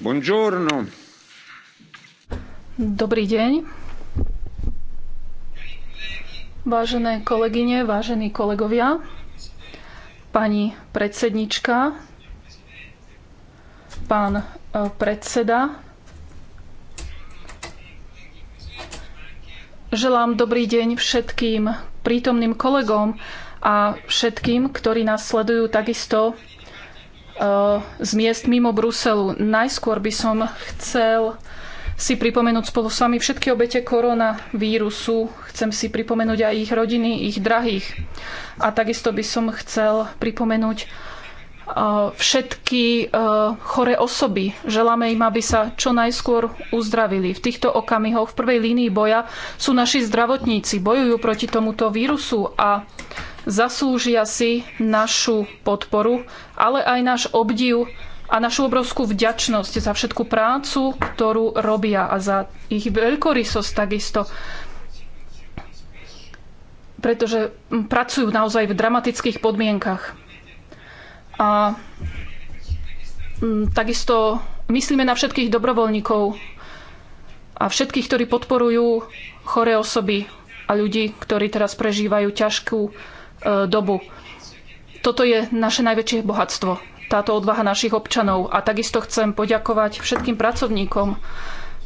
Buongiorno. Dobrý deň. Vážené kolegyne, vážení kolegovia, pani predsednička, pán e, predseda, Želám dobrý deň všetkým prítomným kolegom a všetkým, ktorí nás sledujú takisto E, z miest mimo Bruselu. Najskôr by som chcel si pripomenúť spolu s vami všetky obete koronavírusu. Chcem si pripomenúť aj ich rodiny, ich drahých. A takisto by som chcel pripomenúť e, všetky e, choré osoby. Želáme im, aby sa čo najskôr uzdravili. V týchto okamihoch v prvej línii boja sú naši zdravotníci. Bojujú proti tomuto vírusu a zaslúžia si našu podporu, ale aj náš obdiv a našu obrovskú vďačnosť za všetku prácu, ktorú robia a za ich veľkorysosť takisto. Pretože pracujú naozaj v dramatických podmienkach. A mm, takisto myslíme na všetkých dobrovoľníkov a všetkých, ktorí podporujú choré osoby a ľudí, ktorí teraz prežívajú ťažkú E, dobu. Toto je naše najväčšie bohatstvo, táto odvaha našich občanov. A takisto chcem poďakovať všetkým pracovníkom,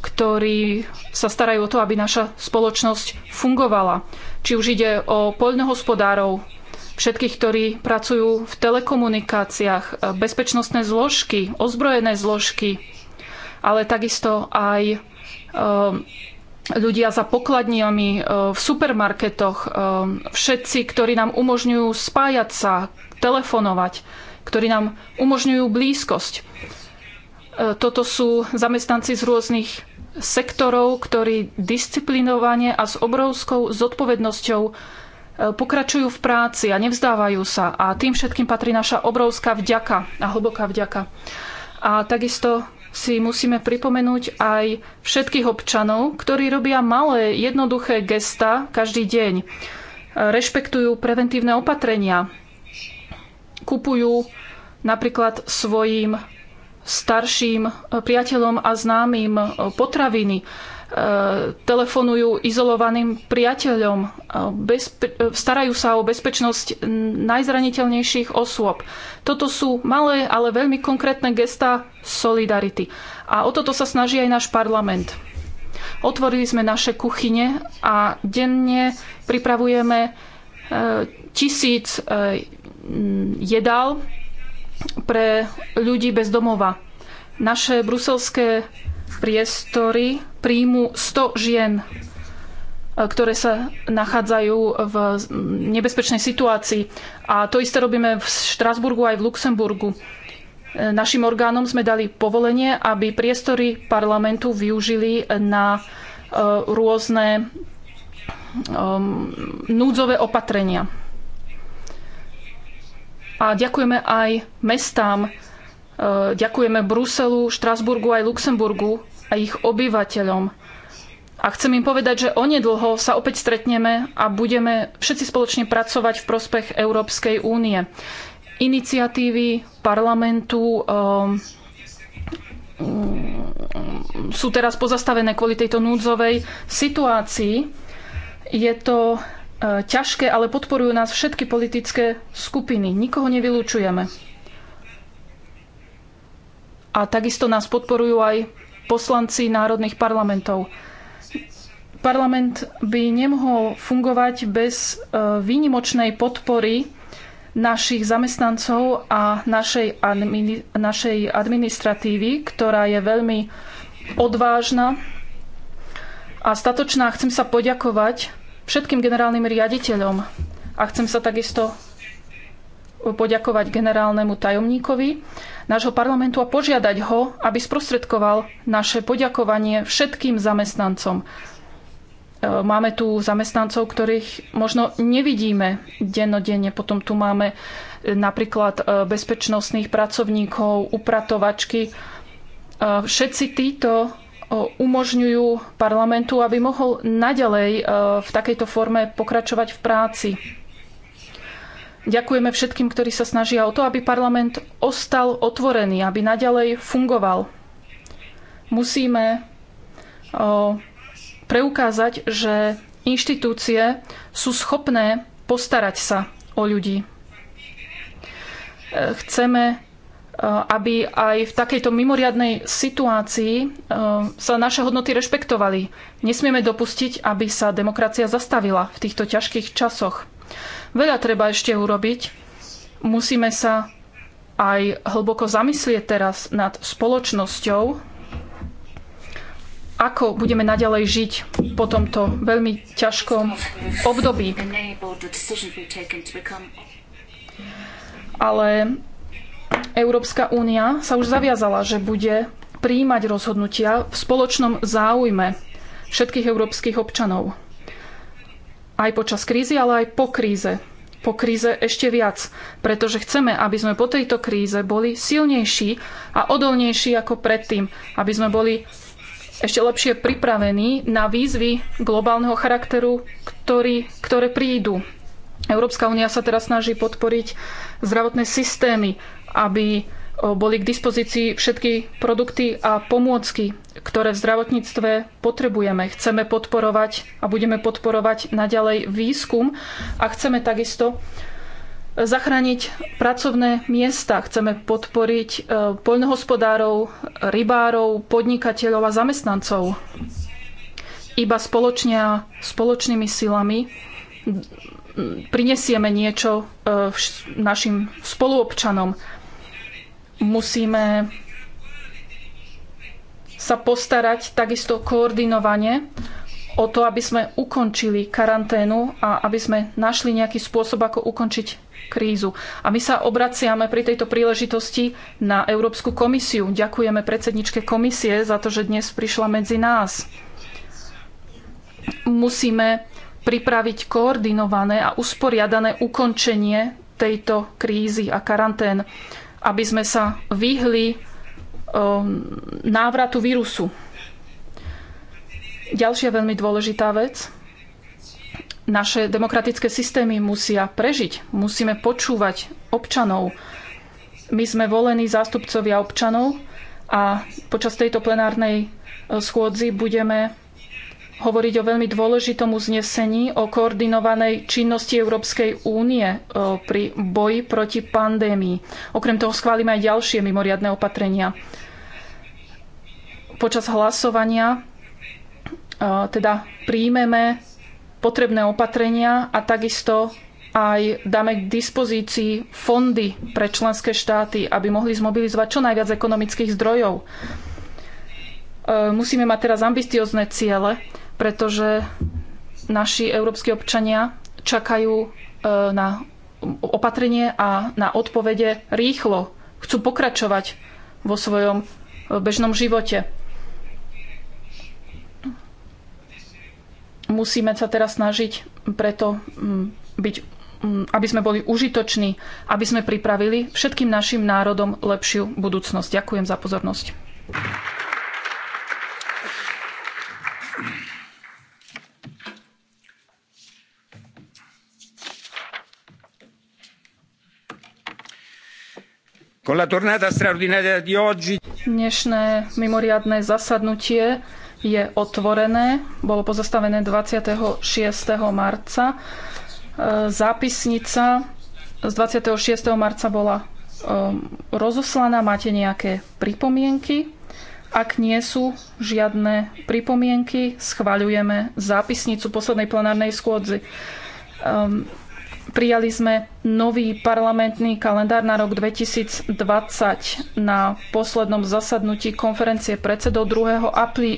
ktorí sa starajú o to, aby naša spoločnosť fungovala. Či už ide o poľnohospodárov, všetkých, ktorí pracujú v telekomunikáciách, e, bezpečnostné zložky, ozbrojené zložky, ale takisto aj e, ľudia za pokladniami, eh, v supermarketoch, eh, všetci, ktorí nám umožňujú spájať sa, telefonovať, ktorí nám umožňujú blízkosť. Eh, toto sú zamestnanci z rôznych sektorov, ktorí disciplinovane a s obrovskou zodpovednosťou pokračujú v práci a nevzdávajú sa. A tým všetkým patrí naša obrovská vďaka a hlboká vďaka. A takisto si musíme pripomenúť aj všetkých občanov, ktorí robia malé, jednoduché gesta každý deň. Rešpektujú preventívne opatrenia. Kupujú napríklad svojim starším eh, priateľom a známym eh, potraviny E, telefonujú izolovaným priateľom, e, e, starajú sa o bezpečnosť najzraniteľnejších osôb. Toto sú malé, ale veľmi konkrétne gestá solidarity. A o toto sa snaží aj náš parlament. Otvorili sme naše kuchyne a denne pripravujeme tisíc jedál pre ľudí bez domova. Naše bruselské priestory príjmu 100 žien, e, ktoré sa nachádzajú v nebezpečnej situácii. A to isté robíme v Štrasburgu aj v Luxemburgu. E, našim orgánom sme dali povolenie, aby priestory parlamentu využili na e, rôzne núdzové opatrenia. A ďakujeme aj mestám, E, ďakujeme Bruselu, Štrasburgu aj Luxemburgu a ich obyvateľom. A chcem im povedať, že onedlho sa opäť stretneme a budeme všetci spoločne pracovať v prospech Európskej únie. Iniciatívy parlamentu um, sú teraz pozastavené kvôli tejto núdzovej situácii. Je to e, ťažké, ale podporujú nás všetky politické skupiny. Nikoho nevylučujeme a takisto nás podporujú aj poslanci národných parlamentov. Parlament by nemohol fungovať bez e, výnimočnej podpory našich zamestnancov a našej, našej administratívy, ktorá je veľmi odvážna a statočná. Chcem sa poďakovať všetkým generálnym riaditeľom a chcem sa takisto poďakovať generálnemu tajomníkovi nášho parlamentu a požiadať ho, aby sprostredkoval naše poďakovanie všetkým zamestnancom. E, máme tu zamestnancov, ktorých možno nevidíme dennodenne. Potom tu máme e, napríklad e, bezpečnostných pracovníkov, upratovačky. Všetci títo umožňujú parlamentu, aby mohol naďalej v takejto forme pokračovať v práci. Ďakujeme všetkým, ktorí sa snažia o to, aby parlament ostal otvorený, aby naďalej fungoval. Musíme o, preukázať, že inštitúcie sú schopné postarať sa o ľudí. Chceme, aby aj v takejto mimoriadnej situácii sa naše hodnoty rešpektovali. Nesmieme dopustiť, aby sa demokracia zastavila v týchto ťažkých časoch. Veľa treba ešte urobiť. Musíme sa aj hlboko zamyslieť teraz nad spoločnosťou, ako budeme naďalej žiť po tomto veľmi ťažkom období. Ale Európska únia sa už zaviazala, že bude príjmať rozhodnutia v spoločnom záujme všetkých európskych občanov aj počas krízy, ale aj po kríze. Po kríze ešte viac, pretože chceme, aby sme po tejto kríze boli silnejší a odolnejší ako predtým, aby sme boli ešte lepšie pripravení na výzvy globálneho charakteru, ktorý, ktoré prídu. Európska únia sa teraz snaží podporiť zdravotné systémy, aby boli k dispozícii všetky produkty a pomôcky, ktoré v zdravotníctve potrebujeme. Chceme podporovať a budeme podporovať naďalej výskum a chceme takisto zachrániť pracovné miesta. Chceme podporiť e, poľnohospodárov, rybárov, podnikateľov a zamestnancov. Iba spoločne a spoločnými silami prinesieme niečo e, našim spoluobčanom Musíme sa postarať takisto koordinovane o to, aby sme ukončili karanténu a aby sme našli nejaký spôsob, ako ukončiť krízu. A my sa obraciame pri tejto príležitosti na Európsku komisiu. Ďakujeme predsedničke komisie za to, že dnes prišla medzi nás. Musíme pripraviť koordinované a usporiadané ukončenie tejto krízy a karantén aby sme sa vyhli um, návratu vírusu. Ďalšia veľmi dôležitá vec. Naše demokratické systémy musia prežiť. Musíme počúvať občanov. My sme volení zástupcovia občanov a počas tejto plenárnej uh, schôdzi budeme hovoriť o veľmi dôležitom uznesení o koordinovanej činnosti Európskej únie e, pri boji proti pandémii. Okrem toho schválime aj ďalšie mimoriadne opatrenia. Počas hlasovania e, teda príjmeme potrebné opatrenia a takisto aj dáme k dispozícii fondy pre členské štáty, aby mohli zmobilizovať čo najviac ekonomických zdrojov. E, musíme mať teraz ambiciozne ciele, pretože naši európsky občania čakajú e, na opatrenie a na odpovede rýchlo. Chcú pokračovať vo svojom e, bežnom živote. Musíme sa teraz snažiť preto mm, byť, mm, aby sme boli užitoční, aby sme pripravili všetkým našim národom lepšiu budúcnosť. Ďakujem za pozornosť. Dnešné mimoriadne zasadnutie je otvorené. Bolo pozastavené 26. marca. E, zápisnica z 26. marca bola e, rozoslaná. Máte nejaké pripomienky? Ak nie sú žiadne pripomienky, schvaľujeme zápisnicu poslednej plenárnej schôdzy. Ehm, Prijali sme nový parlamentný kalendár na rok 2020 na poslednom zasadnutí konferencie predsedov 2.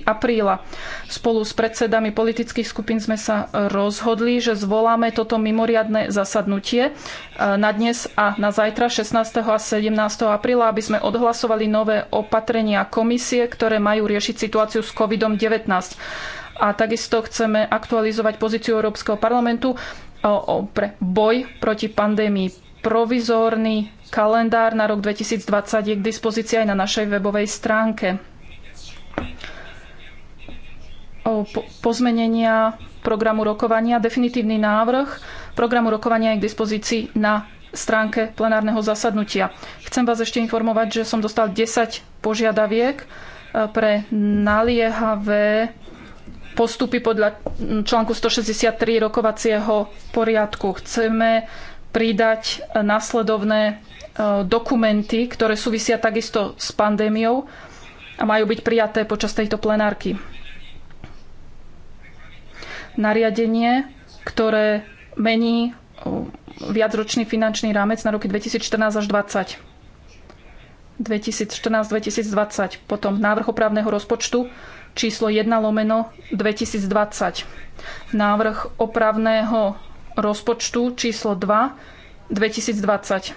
apríla. Spolu s predsedami politických skupín sme sa rozhodli, že zvoláme toto mimoriadne zasadnutie e, na dnes a na zajtra 16. a 17. apríla, aby sme odhlasovali nové opatrenia komisie, ktoré majú riešiť situáciu s COVID-19 a takisto chceme aktualizovať pozíciu Európskeho parlamentu pre boj proti pandémii. Provizórny kalendár na rok 2020 je k dispozícii aj na našej webovej stránke. O pozmenenia programu rokovania, definitívny návrh programu rokovania je k dispozícii na stránke plenárneho zasadnutia. Chcem vás ešte informovať, že som dostal 10 požiadaviek e, pre naliehavé postupy podľa mm, článku 163 rokovacieho poriadku. Chceme pridať e, následovné e, dokumenty, ktoré súvisia takisto s pandémiou a majú byť prijaté počas tejto plenárky. Nariadenie, ktoré mení e, viacročný finančný rámec na roky 2014 až 2020. 2014-2020, potom návrh opravného rozpočtu číslo 1 lomeno 2020. Návrh opravného rozpočtu číslo 2 2020.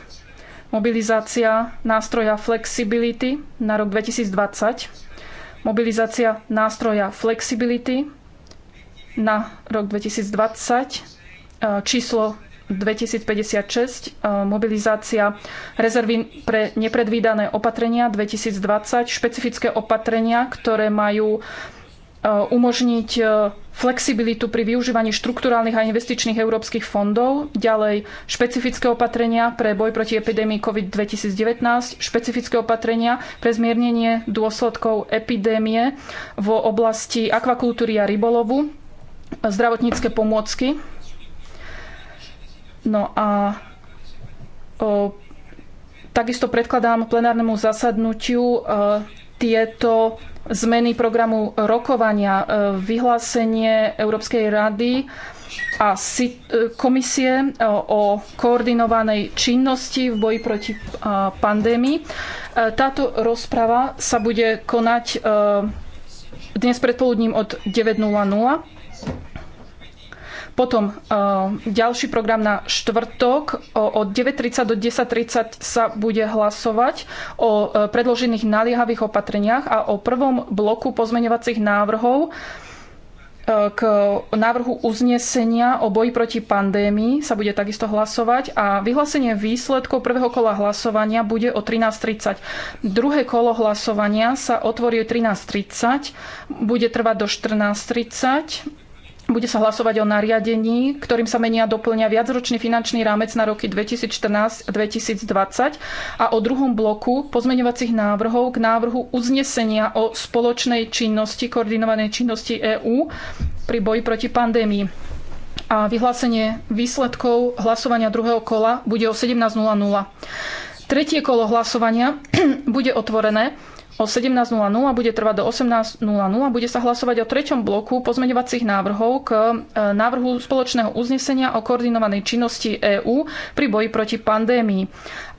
Mobilizácia nástroja flexibility na rok 2020. Mobilizácia nástroja flexibility na rok 2020 e, číslo 2056, e, mobilizácia rezervy pre nepredvídané opatrenia 2020, špecifické opatrenia, ktoré majú e, umožniť e, flexibilitu pri využívaní štrukturálnych a investičných európskych fondov, ďalej špecifické opatrenia pre boj proti epidémii COVID-2019, špecifické opatrenia pre zmiernenie dôsledkov epidémie v oblasti akvakultúry a rybolovu, zdravotnícke pomôcky No a o, takisto predkladám plenárnemu zasadnutiu o, e, tieto zmeny programu rokovania, o, e, vyhlásenie Európskej rady a e, komisie o koordinovanej činnosti v boji proti pandémii. Táto rozprava sa bude konať dnes predpoludním od 9.00. Potom uh, ďalší program na štvrtok od 9.30 do 10.30 sa bude hlasovať o uh, predložených naliehavých opatreniach a o prvom bloku pozmeňovacích návrhov uh, k návrhu uznesenia o boji proti pandémii sa bude takisto hlasovať a vyhlásenie výsledkov prvého kola hlasovania bude o 13.30. Druhé kolo hlasovania sa otvorí o 13.30, bude trvať do 14.30 bude sa hlasovať o nariadení, ktorým sa menia doplňa viacročný finančný rámec na roky 2014-2020 a o druhom bloku pozmeňovacích návrhov k návrhu uznesenia o spoločnej činnosti, koordinovanej činnosti EÚ pri boji proti pandémii. A vyhlásenie výsledkov hlasovania druhého kola bude o 17.00. Tretie kolo hlasovania bude otvorené o 17.00, bude trvať do 18.00, a bude sa hlasovať o treťom bloku pozmeňovacích návrhov k e, návrhu spoločného uznesenia o koordinovanej činnosti EÚ pri boji proti pandémii.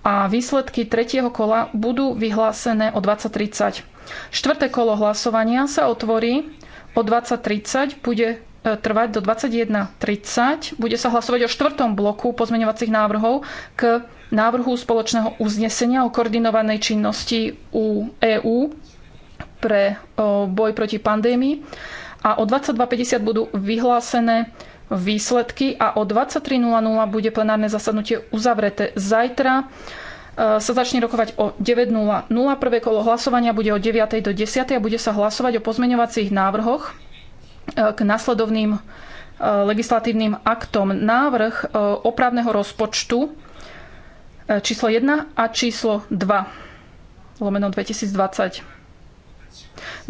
A výsledky tretieho kola budú vyhlásené o 20.30. Štvrté kolo hlasovania sa otvorí o 20.30, bude E, trvať do 21.30. Bude sa hlasovať o štvrtom bloku pozmeňovacích návrhov k návrhu spoločného uznesenia o koordinovanej činnosti u EÚ pre e, boj proti pandémii. A o 22.50 budú vyhlásené výsledky a o 23.00 bude plenárne zasadnutie uzavreté. Zajtra e, sa začne rokovať o 9.00. Prvé kolo hlasovania bude o 9.00 do 10.00 a bude sa hlasovať o pozmeňovacích návrhoch k nasledovným e, legislatívnym aktom návrh e, opravného rozpočtu e, číslo 1 a číslo 2 lomeno 2020.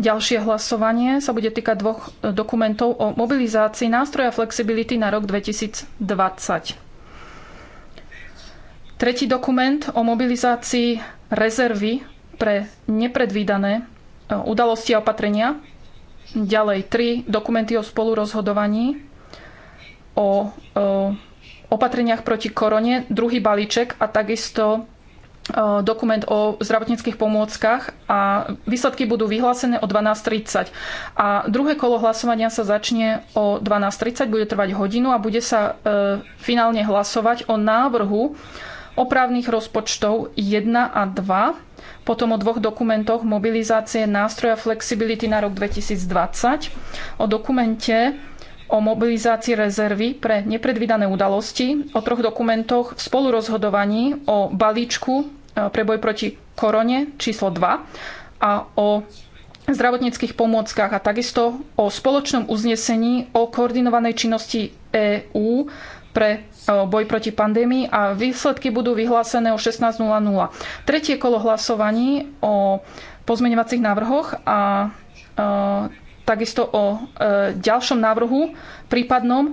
Ďalšie hlasovanie sa bude týkať dvoch dokumentov o mobilizácii nástroja flexibility na rok 2020. Tretí dokument o mobilizácii rezervy pre nepredvídané udalosti a opatrenia Ďalej tri dokumenty o spolurozhodovaní, o, o e, opatreniach proti korone, druhý balíček a takisto e, dokument o zdravotníckých pomôckach a výsledky budú vyhlásené o 12.30. A druhé kolo hlasovania sa začne o 12.30, bude trvať hodinu a bude sa e, finálne hlasovať o návrhu opravných rozpočtov 1 a 2 potom o dvoch dokumentoch mobilizácie nástroja flexibility na rok 2020, o dokumente o mobilizácii rezervy pre nepredvídané udalosti, o troch dokumentoch v spolurozhodovaní, o balíčku e, pre boj proti korone číslo 2 a o zdravotníckých pomôckach a takisto o spoločnom uznesení o koordinovanej činnosti EÚ pre boj proti pandémii a výsledky budú vyhlásené o 16.00. Tretie kolo hlasovaní o pozmeňovacích návrhoch a e, takisto o e, ďalšom návrhu prípadnom e,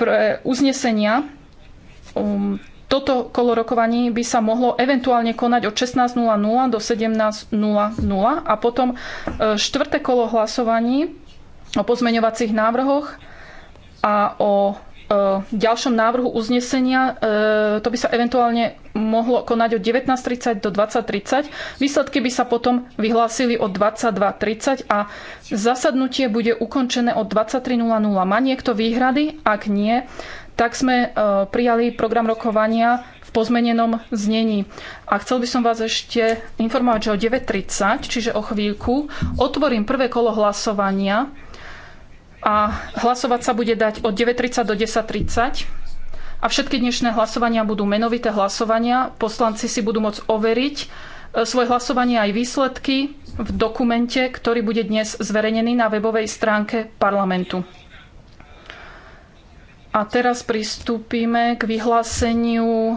pre uznesenia. Um, toto kolo rokovaní by sa mohlo eventuálne konať od 16.00 do 17.00 a potom štvrté kolo hlasovaní o pozmeňovacích návrhoch a o ďalšom návrhu uznesenia. E, to by sa eventuálne mohlo konať od 19.30 do 20.30. Výsledky by sa potom vyhlásili od 22.30 a zasadnutie bude ukončené od 23.00. Má niekto výhrady? Ak nie, tak sme e, prijali program rokovania v pozmenenom znení. A chcel by som vás ešte informovať, že o 9.30, čiže o chvíľku, otvorím prvé kolo hlasovania a hlasovať sa bude dať od 9.30 do 10.30 a všetky dnešné hlasovania budú menovité hlasovania. Poslanci si budú môcť overiť e, svoje hlasovanie aj výsledky v dokumente, ktorý bude dnes zverejnený na webovej stránke parlamentu. A teraz pristúpime k vyhláseniu e,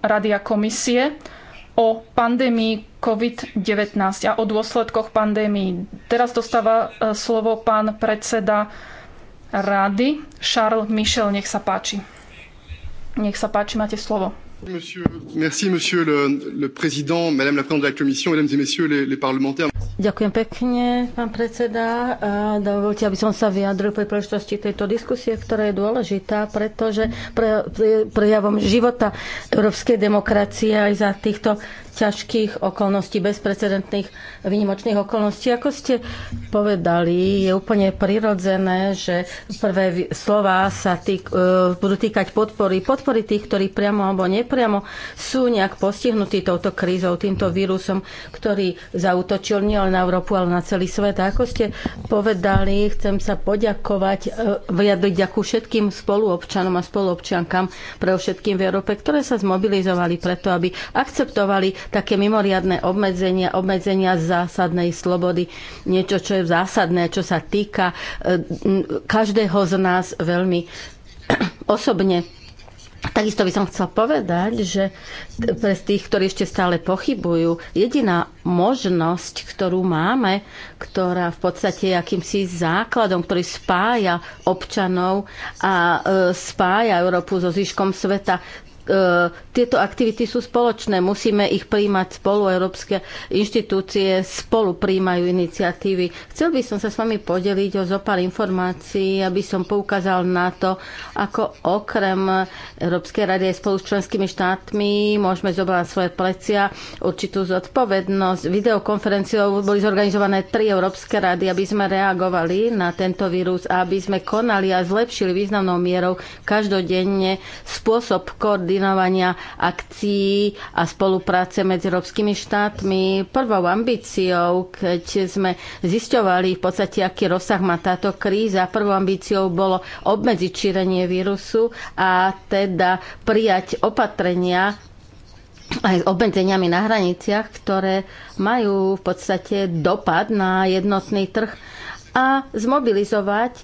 Rady a komisie o pandémii COVID-19 a o dôsledkoch pandémii. Teraz dostáva e, slovo pán predseda rady Charles Michel. Nech sa páči. Nech sa páči, máte slovo. Ďakujem pekne, pán predseda. Dovolte, aby som sa vyjadril pri príležitosti tejto diskusie, ktorá je dôležitá, pretože prejavom života európskej demokracie aj za týchto ťažkých okolností, bezprecedentných výnimočných okolností. Ako ste povedali, je úplne prirodzené, že prvé slova sa týk, e, budú týkať podpory. Podpory tých, ktorí priamo alebo nepriamo sú nejak postihnutí touto krízou, týmto vírusom, ktorý zautočil nielen na Európu, ale na celý svet. A ako ste povedali, chcem sa poďakovať, e, vyjadriť ďakú všetkým spoluobčanom a spoluobčankám, pre všetkým v Európe, ktoré sa zmobilizovali preto, aby akceptovali také mimoriadne obmedzenia, obmedzenia zásadnej slobody, niečo, čo je zásadné, čo sa týka e, každého z nás veľmi osobne. Takisto by som chcel povedať, že pre tých, ktorí ešte stále pochybujú, jediná možnosť, ktorú máme, ktorá v podstate je akýmsi základom, ktorý spája občanov a e, spája Európu so zvyškom sveta, E, tieto aktivity sú spoločné, musíme ich príjmať spolu, európske inštitúcie spolu príjmajú iniciatívy. Chcel by som sa s vami podeliť o zopár informácií, aby som poukázal na to, ako okrem Európskej rady aj spolu s členskými štátmi môžeme zobrať svoje plecia určitú zodpovednosť. Videokonferenciou boli zorganizované tri Európske rady, aby sme reagovali na tento vírus a aby sme konali a zlepšili významnou mierou každodenne spôsob koordinácie koordinovania akcií a spolupráce medzi európskymi štátmi. Prvou ambíciou, keď sme zisťovali v podstate, aký rozsah má táto kríza, prvou ambíciou bolo obmedziť šírenie vírusu a teda prijať opatrenia aj s obmedzeniami na hraniciach, ktoré majú v podstate dopad na jednotný trh a zmobilizovať e,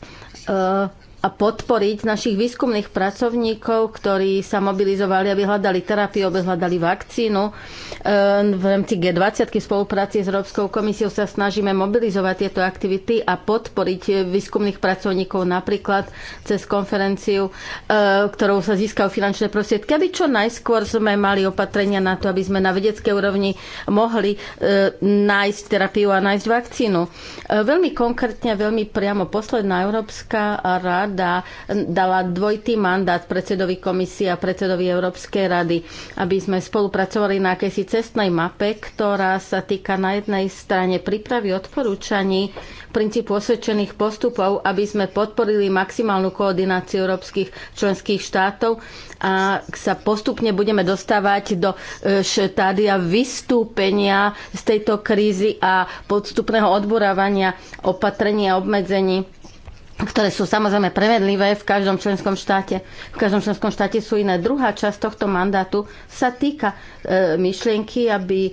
a podporiť našich výskumných pracovníkov, ktorí sa mobilizovali, aby hľadali terapiu, aby hľadali vakcínu. Ehm, v rámci G20 v spolupráci s Európskou komisiou sa snažíme mobilizovať tieto aktivity a podporiť výskumných pracovníkov napríklad cez konferenciu, ehm, ktorou sa získajú finančné prostriedky, aby čo najskôr sme mali opatrenia na to, aby sme na vedeckej úrovni mohli ehm, nájsť terapiu a nájsť vakcínu. Veľmi konkrétne, veľmi priamo posledná Európska rada rada dala dvojitý mandát predsedovi komisie a predsedovi Európskej rady, aby sme spolupracovali na akési cestnej mape, ktorá sa týka na jednej strane prípravy odporúčaní princípu osvedčených postupov, aby sme podporili maximálnu koordináciu európskych členských štátov a sa postupne budeme dostávať do e, štádia vystúpenia z tejto krízy a podstupného odborávania opatrení a obmedzení ktoré sú samozrejme prevedlivé v každom členskom štáte. V každom členskom štáte sú iné. Druhá časť tohto mandátu sa týka e, myšlienky, aby e,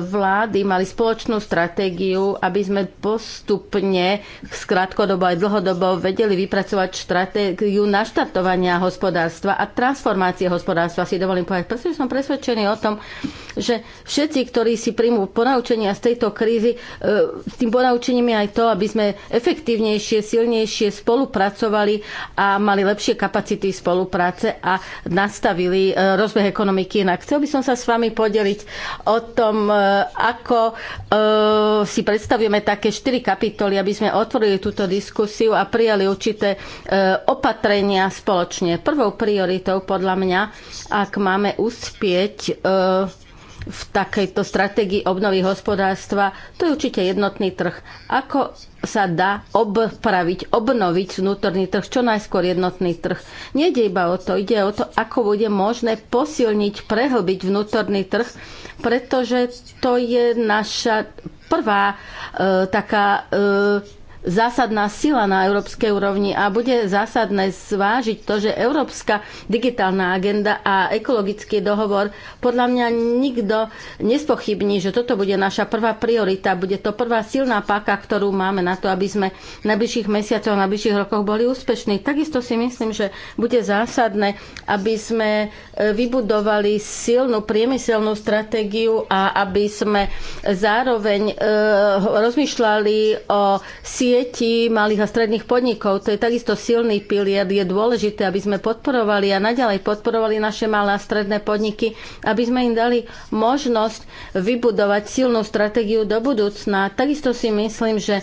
vlády mali spoločnú stratégiu, aby sme postupne, z krátkodobo aj dlhodobo, vedeli vypracovať stratégiu naštartovania hospodárstva a transformácie hospodárstva, si dovolím povedať. Pretože som presvedčený o tom, že všetci, ktorí si príjmú ponaučenia z tejto krízy, e, s tým ponaučením je aj to, aby sme efektívnejšie, silnejšie lepšie spolupracovali a mali lepšie kapacity spolupráce a nastavili e, rozbeh ekonomiky inak. Chcel by som sa s vami podeliť o tom, e, ako e, si predstavujeme také štyri kapitoly, aby sme otvorili túto diskusiu a prijali určité opatrenia spoločne. Prvou prioritou podľa mňa, ak máme uspieť v takejto stratégii obnovy hospodárstva, to je určite jednotný trh. Ako sa dá obpraviť, obnoviť vnútorný trh, čo najskôr jednotný trh. Nejde iba o to, ide o to, ako bude možné posilniť, prehlbiť vnútorný trh, pretože to je naša prvá e, taká e, zásadná sila na európskej úrovni a bude zásadné zvážiť to, že Európska digitálna agenda a ekologický dohovor podľa mňa nikto nespochybní, že toto bude naša prvá priorita, bude to prvá silná páka, ktorú máme na to, aby sme v najbližších mesiacoch, v najbližších rokoch boli úspešní. Takisto si myslím, že bude zásadné, aby sme e, vybudovali silnú priemyselnú stratégiu a aby sme zároveň e, rozmýšľali o síle sieti malých a stredných podnikov. To je takisto silný pilier. Je dôležité, aby sme podporovali a naďalej podporovali naše malé a stredné podniky, aby sme im dali možnosť vybudovať silnú stratégiu do budúcna. Takisto si myslím, že e,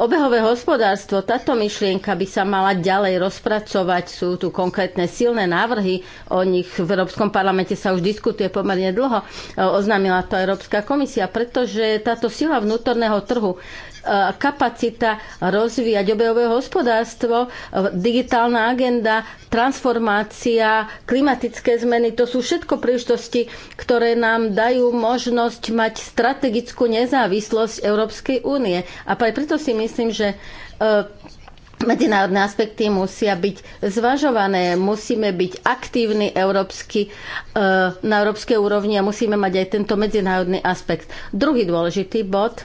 obehové hospodárstvo, táto myšlienka by sa mala ďalej rozpracovať. Sú tu konkrétne silné návrhy, o nich v Európskom parlamente sa už diskutuje pomerne dlho, e, oznámila to Európska komisia, pretože táto sila vnútorného trhu E, kapacita rozvíjať obehové hospodárstvo, e, digitálna agenda, transformácia, klimatické zmeny, to sú všetko príležitosti, ktoré nám dajú možnosť mať strategickú nezávislosť Európskej únie. A preto si myslím, že e, medzinárodné aspekty musia byť zvažované, musíme byť aktívni európsky, na európskej úrovni a musíme mať aj tento medzinárodný aspekt. Druhý dôležitý bod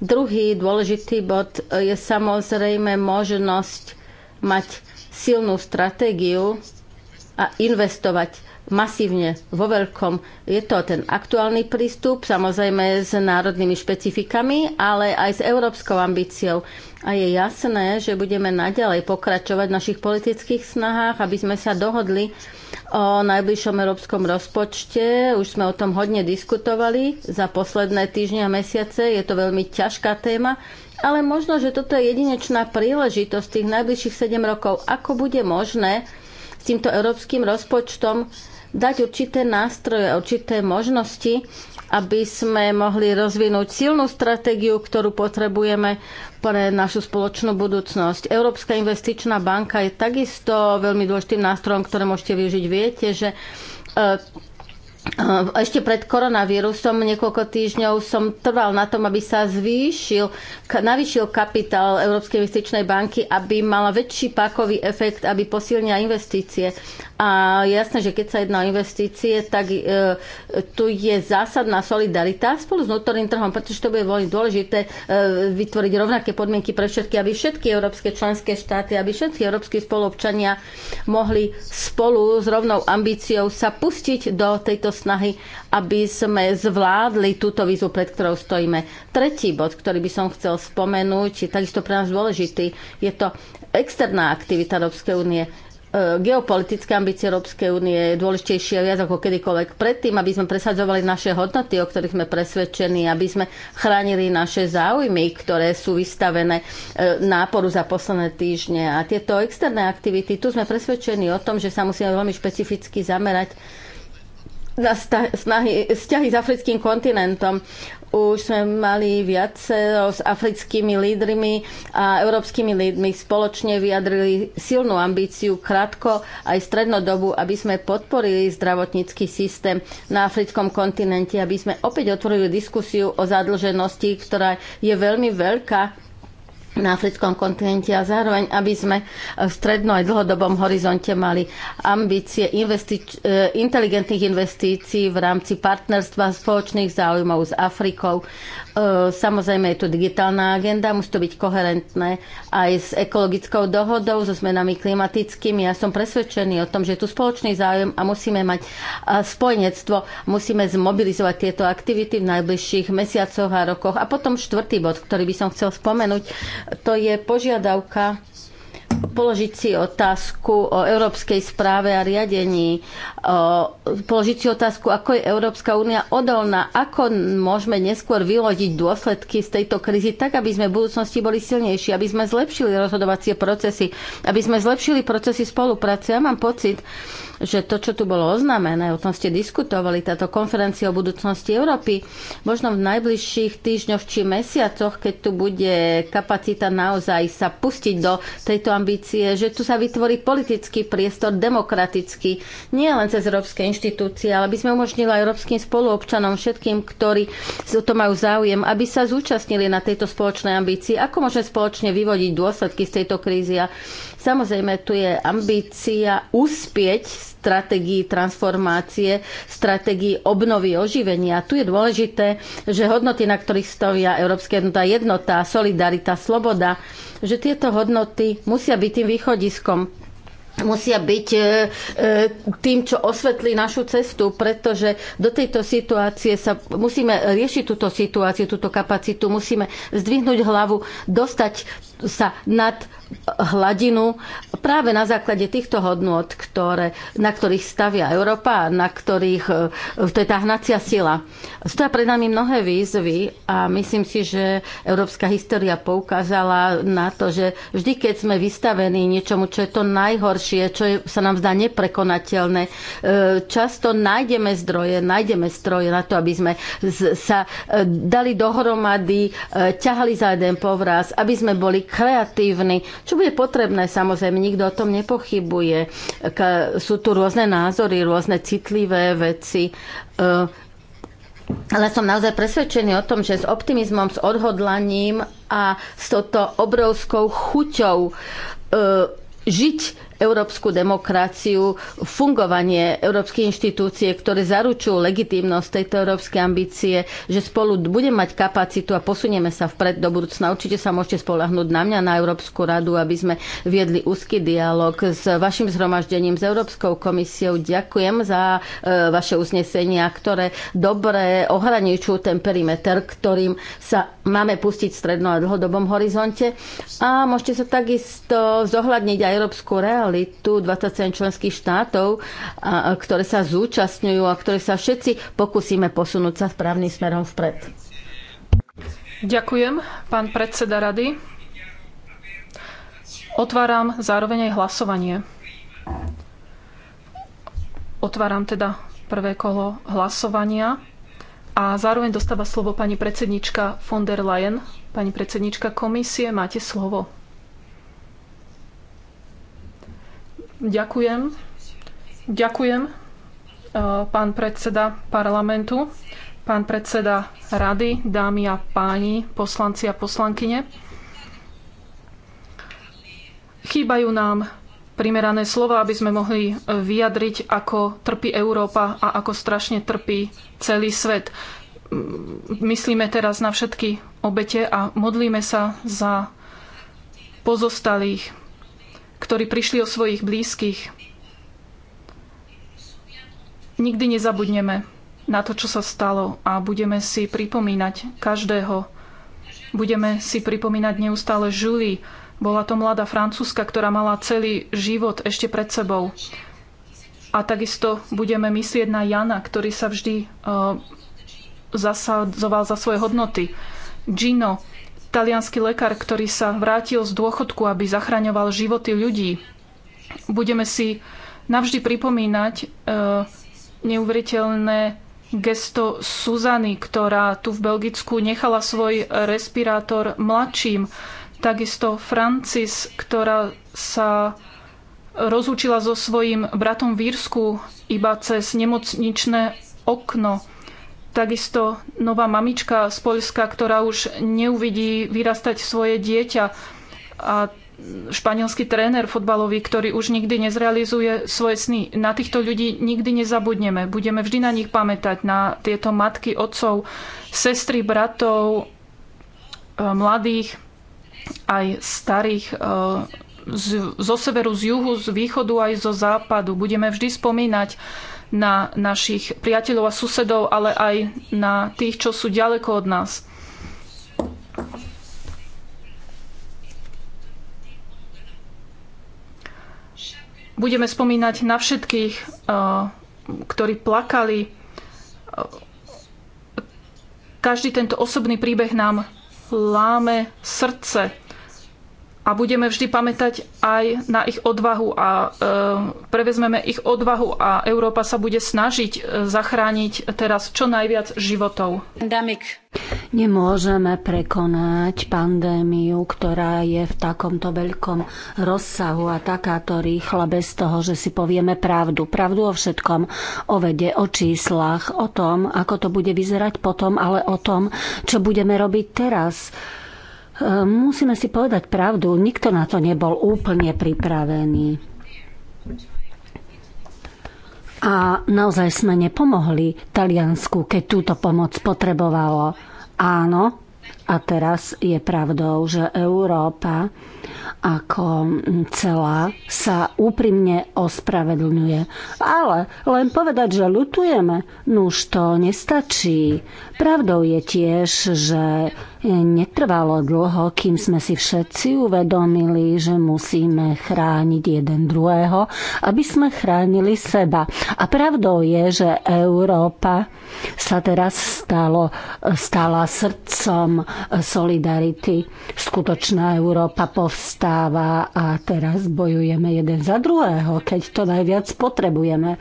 Druhý dôležitý bod je samozrejme možnosť mať silnú stratégiu a investovať masívne, vo veľkom. Je to ten aktuálny prístup, samozrejme s národnými špecifikami, ale aj s európskou ambíciou. A je jasné, že budeme naďalej pokračovať v našich politických snahách, aby sme sa dohodli o najbližšom európskom rozpočte. Už sme o tom hodne diskutovali za posledné týždne a mesiace. Je to veľmi ťažká téma, ale možno, že toto je jedinečná príležitosť tých najbližších 7 rokov. Ako bude možné s týmto európskym rozpočtom dať určité nástroje, určité možnosti aby sme mohli rozvinúť silnú stratégiu, ktorú potrebujeme pre našu spoločnú budúcnosť. Európska investičná banka je takisto veľmi dôležitým nástrojom, ktoré môžete využiť. Viete, že e, e, ešte pred koronavírusom niekoľko týždňov som trval na tom, aby sa zvýšil, navýšil kapitál Európskej investičnej banky, aby mala väčší pákový efekt, aby posilnila investície. A jasné, že keď sa jedná o investície, tak e, tu je zásadná solidarita spolu s vnútorným trhom, pretože to bude veľmi dôležité e, vytvoriť rovnaké podmienky pre všetky, aby všetky európske členské štáty, aby všetci európsky spoluobčania mohli spolu s rovnou ambíciou sa pustiť do tejto snahy, aby sme zvládli túto výzvu, pred ktorou stojíme. Tretí bod, ktorý by som chcel spomenúť, je takisto pre nás dôležitý, je to externá aktivita Európskej únie E, geopolitické ambície Európskej únie je dôležitejšie viac ako kedykoľvek predtým, aby sme presadzovali naše hodnoty, o ktorých sme presvedčení, aby sme chránili naše záujmy, ktoré sú vystavené e, náporu za posledné týždne. A tieto externé aktivity, tu sme presvedčení o tom, že sa musíme veľmi špecificky zamerať na snahy, vzťahy s africkým kontinentom. Už sme mali viacero s africkými lídrmi a európskymi lídrmi spoločne vyjadrili silnú ambíciu krátko aj strednodobu, aby sme podporili zdravotnícky systém na africkom kontinente, aby sme opäť otvorili diskusiu o zadlženosti, ktorá je veľmi veľká na africkom kontinente a zároveň, aby sme v stredno aj dlhodobom horizonte mali ambície investič- eh, inteligentných investícií v rámci partnerstva spoločných záujmov s Afrikou E, samozrejme je tu digitálna agenda, musí to byť koherentné aj s ekologickou dohodou, so zmenami klimatickými. Ja som presvedčený o tom, že je tu spoločný záujem a musíme mať e, spojenectvo, musíme zmobilizovať tieto aktivity v najbližších mesiacoch a rokoch. A potom štvrtý bod, ktorý by som chcel spomenúť, to je požiadavka položiť si otázku o európskej správe a riadení, o, položiť si otázku, ako je Európska únia odolná, ako môžeme neskôr vylodiť dôsledky z tejto krízy, tak aby sme v budúcnosti boli silnejší, aby sme zlepšili rozhodovacie procesy, aby sme zlepšili procesy spolupráce. Ja mám pocit, že to, čo tu bolo oznámené, o tom ste diskutovali, táto konferencia o budúcnosti Európy, možno v najbližších týždňoch či mesiacoch, keď tu bude kapacita naozaj sa pustiť do tejto ambície, že tu sa vytvorí politický priestor, demokratický, nie len cez európske inštitúcie, ale by sme umožnili aj európskym spoluobčanom, všetkým, ktorí o to majú záujem, aby sa zúčastnili na tejto spoločnej ambícii. Ako môžeme spoločne vyvodiť dôsledky z tejto krízy a Samozrejme, tu je ambícia uspieť stratégii transformácie, stratégii obnovy oživenia. Tu je dôležité, že hodnoty, na ktorých stovia Európska jednota, jednota, solidarita, sloboda, že tieto hodnoty musia byť tým východiskom musia byť e, e, tým, čo osvetlí našu cestu, pretože do tejto situácie sa musíme riešiť túto situáciu, túto kapacitu, musíme zdvihnúť hlavu, dostať sa nad hladinu práve na základe týchto hodnôt, ktoré, na ktorých stavia Európa, na ktorých e, to je tá hnacia sila. Stoja pred nami mnohé výzvy a myslím si, že európska história poukázala na to, že vždy, keď sme vystavení niečomu, čo je to najhoršie, čo je, sa nám zdá neprekonateľné, e, často nájdeme zdroje, nájdeme stroje na to, aby sme sa e, dali dohromady, ťahali za jeden povraz, aby sme boli kreatívny, čo bude potrebné, samozrejme, nikto o tom nepochybuje. Sú tu rôzne názory, rôzne citlivé veci. E, ale som naozaj presvedčený o tom, že s optimizmom, s odhodlaním a s touto obrovskou chuťou e, žiť európsku demokraciu, fungovanie európskej inštitúcie, ktoré zaručujú legitímnosť tejto európskej ambície, že spolu budeme mať kapacitu a posunieme sa vpred do budúcna. Určite sa môžete spolahnúť na mňa, na Európsku radu, aby sme viedli úzky dialog s vašim zhromaždením, s Európskou komisiou. Ďakujem za e, vaše uznesenia, ktoré dobre ohraničujú ten perimeter, ktorým sa máme pustiť v stredno a dlhodobom horizonte. A môžete sa takisto zohľadniť aj európsku realitu realitu 27 členských štátov, a, ktoré sa zúčastňujú a ktoré sa všetci pokúsime posunúť sa správnym smerom vpred. Ďakujem, pán predseda rady. Otváram zároveň aj hlasovanie. Otváram teda prvé kolo hlasovania a zároveň dostáva slovo pani predsednička von der Leyen. Pani predsednička komisie, máte slovo. Ďakujem. Ďakujem, uh, pán predseda parlamentu, pán predseda rady, dámy a páni, poslanci a poslankyne. Chýbajú nám primerané slova, aby sme mohli vyjadriť, ako trpí Európa a ako strašne trpí celý svet. Myslíme teraz na všetky obete a modlíme sa za pozostalých ktorí prišli o svojich blízkych. Nikdy nezabudneme na to, čo sa stalo a budeme si pripomínať každého. Budeme si pripomínať neustále Julie. Bola to mladá francúzska, ktorá mala celý život ešte pred sebou. A takisto budeme myslieť na Jana, ktorý sa vždy uh, zasadzoval za svoje hodnoty. Gino, talianský lekár, ktorý sa vrátil z dôchodku, aby zachraňoval životy ľudí. Budeme si navždy pripomínať e, neuveriteľné gesto Suzany, ktorá tu v Belgicku nechala svoj respirátor mladším. Takisto Francis, ktorá sa rozúčila so svojím bratom v Írsku iba cez nemocničné okno. Takisto nová mamička z Poľska, ktorá už neuvidí vyrastať svoje dieťa a španielský tréner fotbalový, ktorý už nikdy nezrealizuje svoje sny. Na týchto ľudí nikdy nezabudneme. Budeme vždy na nich pamätať, na tieto matky, otcov, sestry, bratov, e, mladých, aj starých, e, z, zo severu, z juhu, z východu aj zo západu. Budeme vždy spomínať na našich priateľov a susedov, ale aj na tých, čo sú ďaleko od nás. Budeme spomínať na všetkých, eh, ktorí plakali. Každý tento osobný príbeh nám láme srdce a budeme vždy pamätať aj na ich odvahu a e, prevezmeme ich odvahu a Európa sa bude snažiť e, zachrániť teraz čo najviac životov. Nemôžeme prekonať pandémiu, ktorá je v takomto veľkom rozsahu a takáto rýchla bez toho, že si povieme pravdu. Pravdu o všetkom, o vede, o číslach, o tom, ako to bude vyzerať potom, ale o tom, čo budeme robiť teraz Musíme si povedať pravdu, nikto na to nebol úplne pripravený. A naozaj sme nepomohli Taliansku, keď túto pomoc potrebovalo. Áno, a teraz je pravdou, že Európa ako celá sa úprimne ospravedlňuje. Ale len povedať, že lutujeme, nuž to nestačí. Pravdou je tiež, že Netrvalo dlho, kým sme si všetci uvedomili, že musíme chrániť jeden druhého, aby sme chránili seba. A pravdou je, že Európa sa teraz stalo, stala srdcom solidarity. Skutočná Európa povstáva a teraz bojujeme jeden za druhého, keď to najviac potrebujeme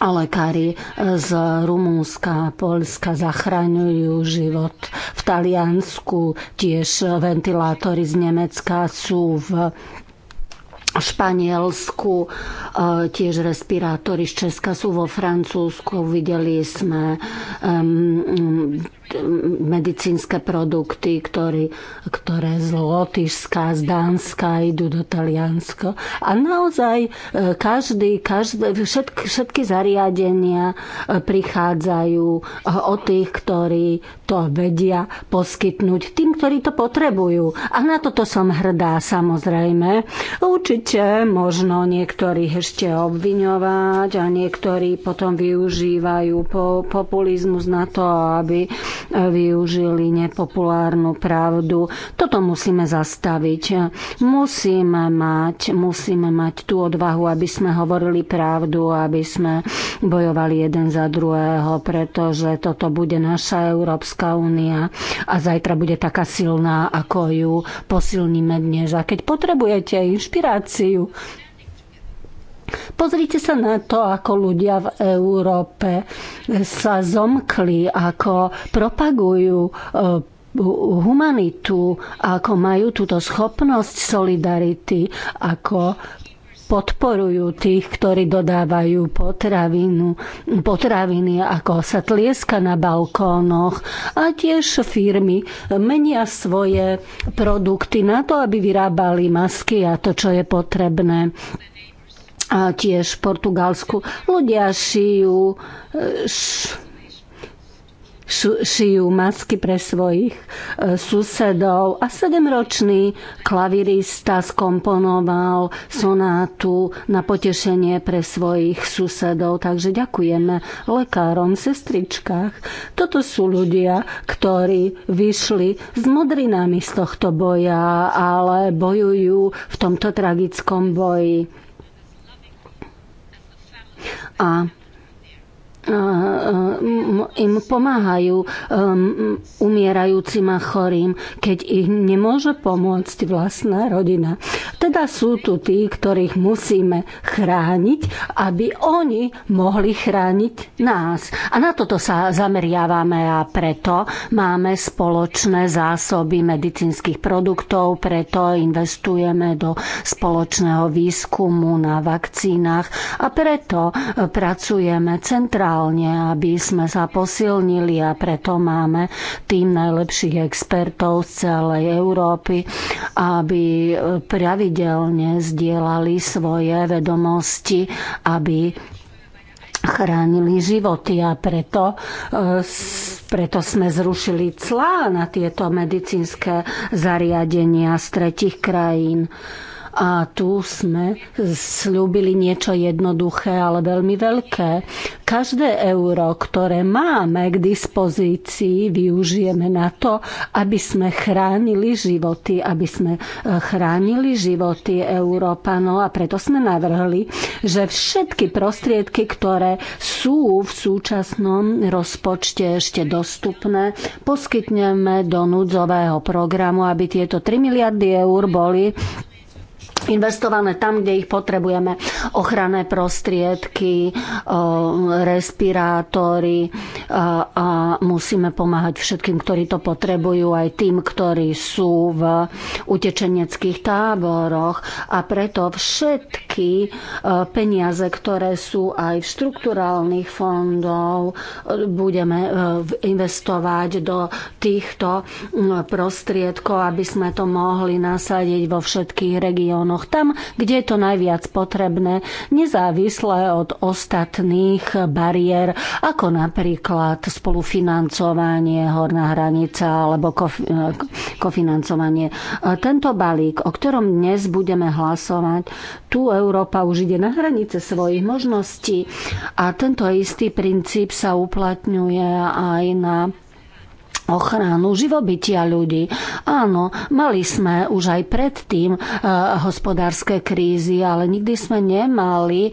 a lekári e, z Rumúnska a Polska zachraňujú život. V Taliansku tiež ventilátory z Nemecka sú v Španielsku, e, tiež respirátory z Česka sú vo Francúzsku, videli sme um, medicínske produkty, ktorý, ktoré z Lotyšska, z Dánska idú do Taliansko. A naozaj e, každý, každý všetky, všetky zariadenia e, prichádzajú od tých, ktorí to vedia poskytnúť tým, ktorí to potrebujú. A na toto som hrdá samozrejme. Určite byť, možno niektorých ešte obviňovať a niektorí potom využívajú po, populizmus na to, aby využili nepopulárnu pravdu. Toto musíme zastaviť. Musíme mať, musíme mať tú odvahu, aby sme hovorili pravdu, aby sme bojovali jeden za druhého, pretože toto bude naša Európska únia a zajtra bude taká silná, ako ju posilníme dnes. A keď potrebujete inšpiráciu, demokraciu. Pozrite sa na to, ako ľudia v Európe sa zomkli, ako propagujú e, humanitu, ako majú túto schopnosť solidarity, ako podporujú tých, ktorí dodávajú potravinu, potraviny, ako sa tlieska na balkónoch a tiež firmy menia svoje produkty na to, aby vyrábali masky a to, čo je potrebné a tiež v Portugalsku. Ľudia šijú eh, š, šijú masky pre svojich e, susedov a sedemročný klavirista skomponoval sonátu na potešenie pre svojich susedov. Takže ďakujeme lekárom, sestričkách. Toto sú ľudia, ktorí vyšli s modrinami z tohto boja, ale bojujú v tomto tragickom boji. A im pomáhajú um, umierajúcim a chorým, keď ich nemôže pomôcť vlastná rodina. Teda sú tu tí, ktorých musíme chrániť, aby oni mohli chrániť nás. A na toto sa zameriavame a preto máme spoločné zásoby medicínskych produktov, preto investujeme do spoločného výskumu na vakcínach a preto e, pracujeme centrálne lokálne, aby sme sa posilnili a preto máme tým najlepších expertov z celej Európy, aby eh, pravidelne zdieľali svoje vedomosti, aby chránili životy a preto, eh, preto sme zrušili clá na tieto medicínske zariadenia z tretich krajín. A tu sme slúbili niečo jednoduché, ale veľmi veľké. Každé euro, ktoré máme k dispozícii, využijeme na to, aby sme chránili životy, aby sme e, chránili životy Európanov a preto sme navrhli, že všetky prostriedky, ktoré sú v súčasnom rozpočte ešte dostupné, poskytneme do núdzového programu, aby tieto 3 miliardy eur boli investované tam, kde ich potrebujeme. Ochranné prostriedky, respirátory a, musíme pomáhať všetkým, ktorí to potrebujú, aj tým, ktorí sú v utečeneckých táboroch. A preto všetky peniaze, ktoré sú aj v štrukturálnych fondov, budeme investovať do týchto prostriedkov, aby sme to mohli nasadiť vo všetkých regiónoch regiónoch, tam, kde je to najviac potrebné, nezávisle od ostatných bariér, ako napríklad spolufinancovanie, horná hranica alebo kof- kofinancovanie. Tento balík, o ktorom dnes budeme hlasovať, tu Európa už ide na hranice svojich možností a tento istý princíp sa uplatňuje aj na ochranu živobytia ľudí. Áno, mali sme už aj predtým e, hospodárske krízy, ale nikdy sme nemali e,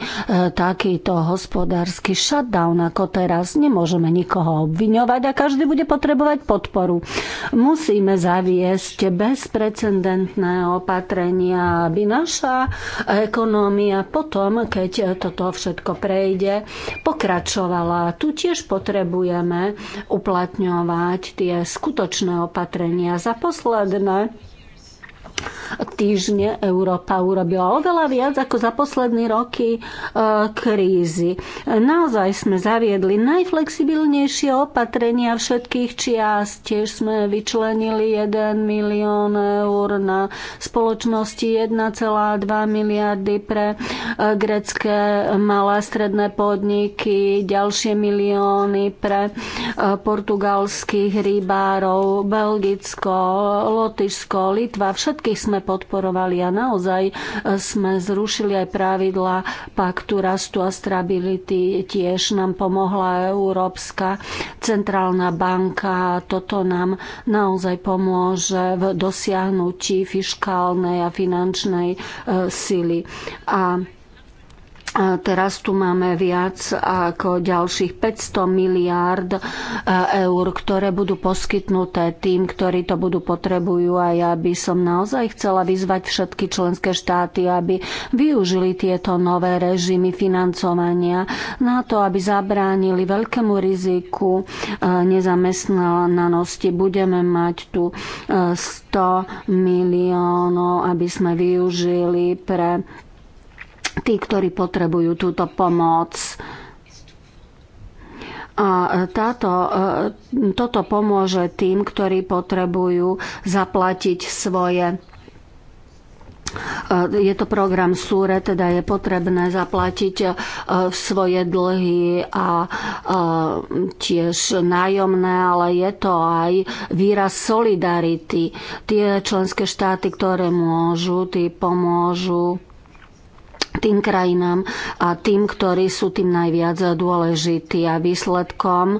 takýto hospodársky shutdown ako teraz. Nemôžeme nikoho obviňovať a každý bude potrebovať podporu. Musíme zaviesť bezprecedentné opatrenia, aby naša ekonomia potom, keď toto všetko prejde, pokračovala. Tu tiež potrebujeme uplatňovať tie tie skutočné opatrenia. Za posledné týždne Európa urobila oveľa viac ako za posledné roky e, krízy. Naozaj sme zaviedli najflexibilnejšie opatrenia všetkých čias. Tiež sme vyčlenili 1 milión eur na spoločnosti 1,2 miliardy pre e, grecké malé stredné podniky, ďalšie milióny pre e, portugalských rybárov, Belgicko, Lotyšsko, Litva, všetky všetkých sme podporovali a naozaj e, sme zrušili aj pravidla paktu rastu a stability. Tiež nám pomohla Európska centrálna banka. Toto nám naozaj pomôže v dosiahnutí fiskálnej a finančnej e, sily. A teraz tu máme viac ako ďalších 500 miliárd e, eur, ktoré budú poskytnuté tým, ktorí to budú potrebujú a ja by som naozaj chcela vyzvať všetky členské štáty, aby využili tieto nové režimy financovania na to, aby zabránili veľkému riziku e, nezamestnanosti. Budeme mať tu 100 e, miliónov, aby sme využili pre tí, ktorí potrebujú túto pomoc. A e, táto, e, toto pomôže tým, ktorí potrebujú zaplatiť svoje e, je to program Súre, teda je potrebné zaplatiť svoje dlhy a tiež nájomné, ale je to aj výraz solidarity. Tie členské štáty, ktoré môžu, tie pomôžu tým krajinám a tým, ktorí sú tým najviac dôležití. A výsledkom e,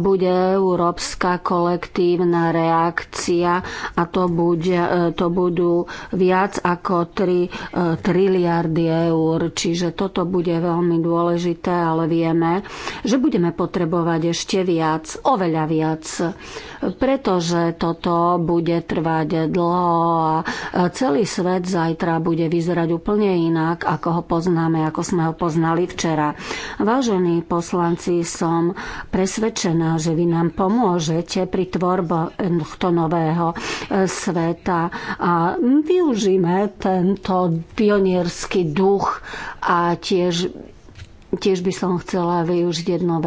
bude európska kolektívna reakcia a to, bude, e, to budú viac ako 3 e, triliardy eur. Čiže toto bude veľmi dôležité, ale vieme, že budeme potrebovať ešte viac, oveľa viac, pretože toto bude trvať dlho a celý svet zajtra bude vyzerať úplne inak ako ako ho poznáme, ako sme ho poznali včera. Vážení poslanci, som presvedčená, že vy nám pomôžete pri tvorbe tohto nového e, sveta a využíme tento pionierský duch a tiež Tiež by som chcela využiť jednu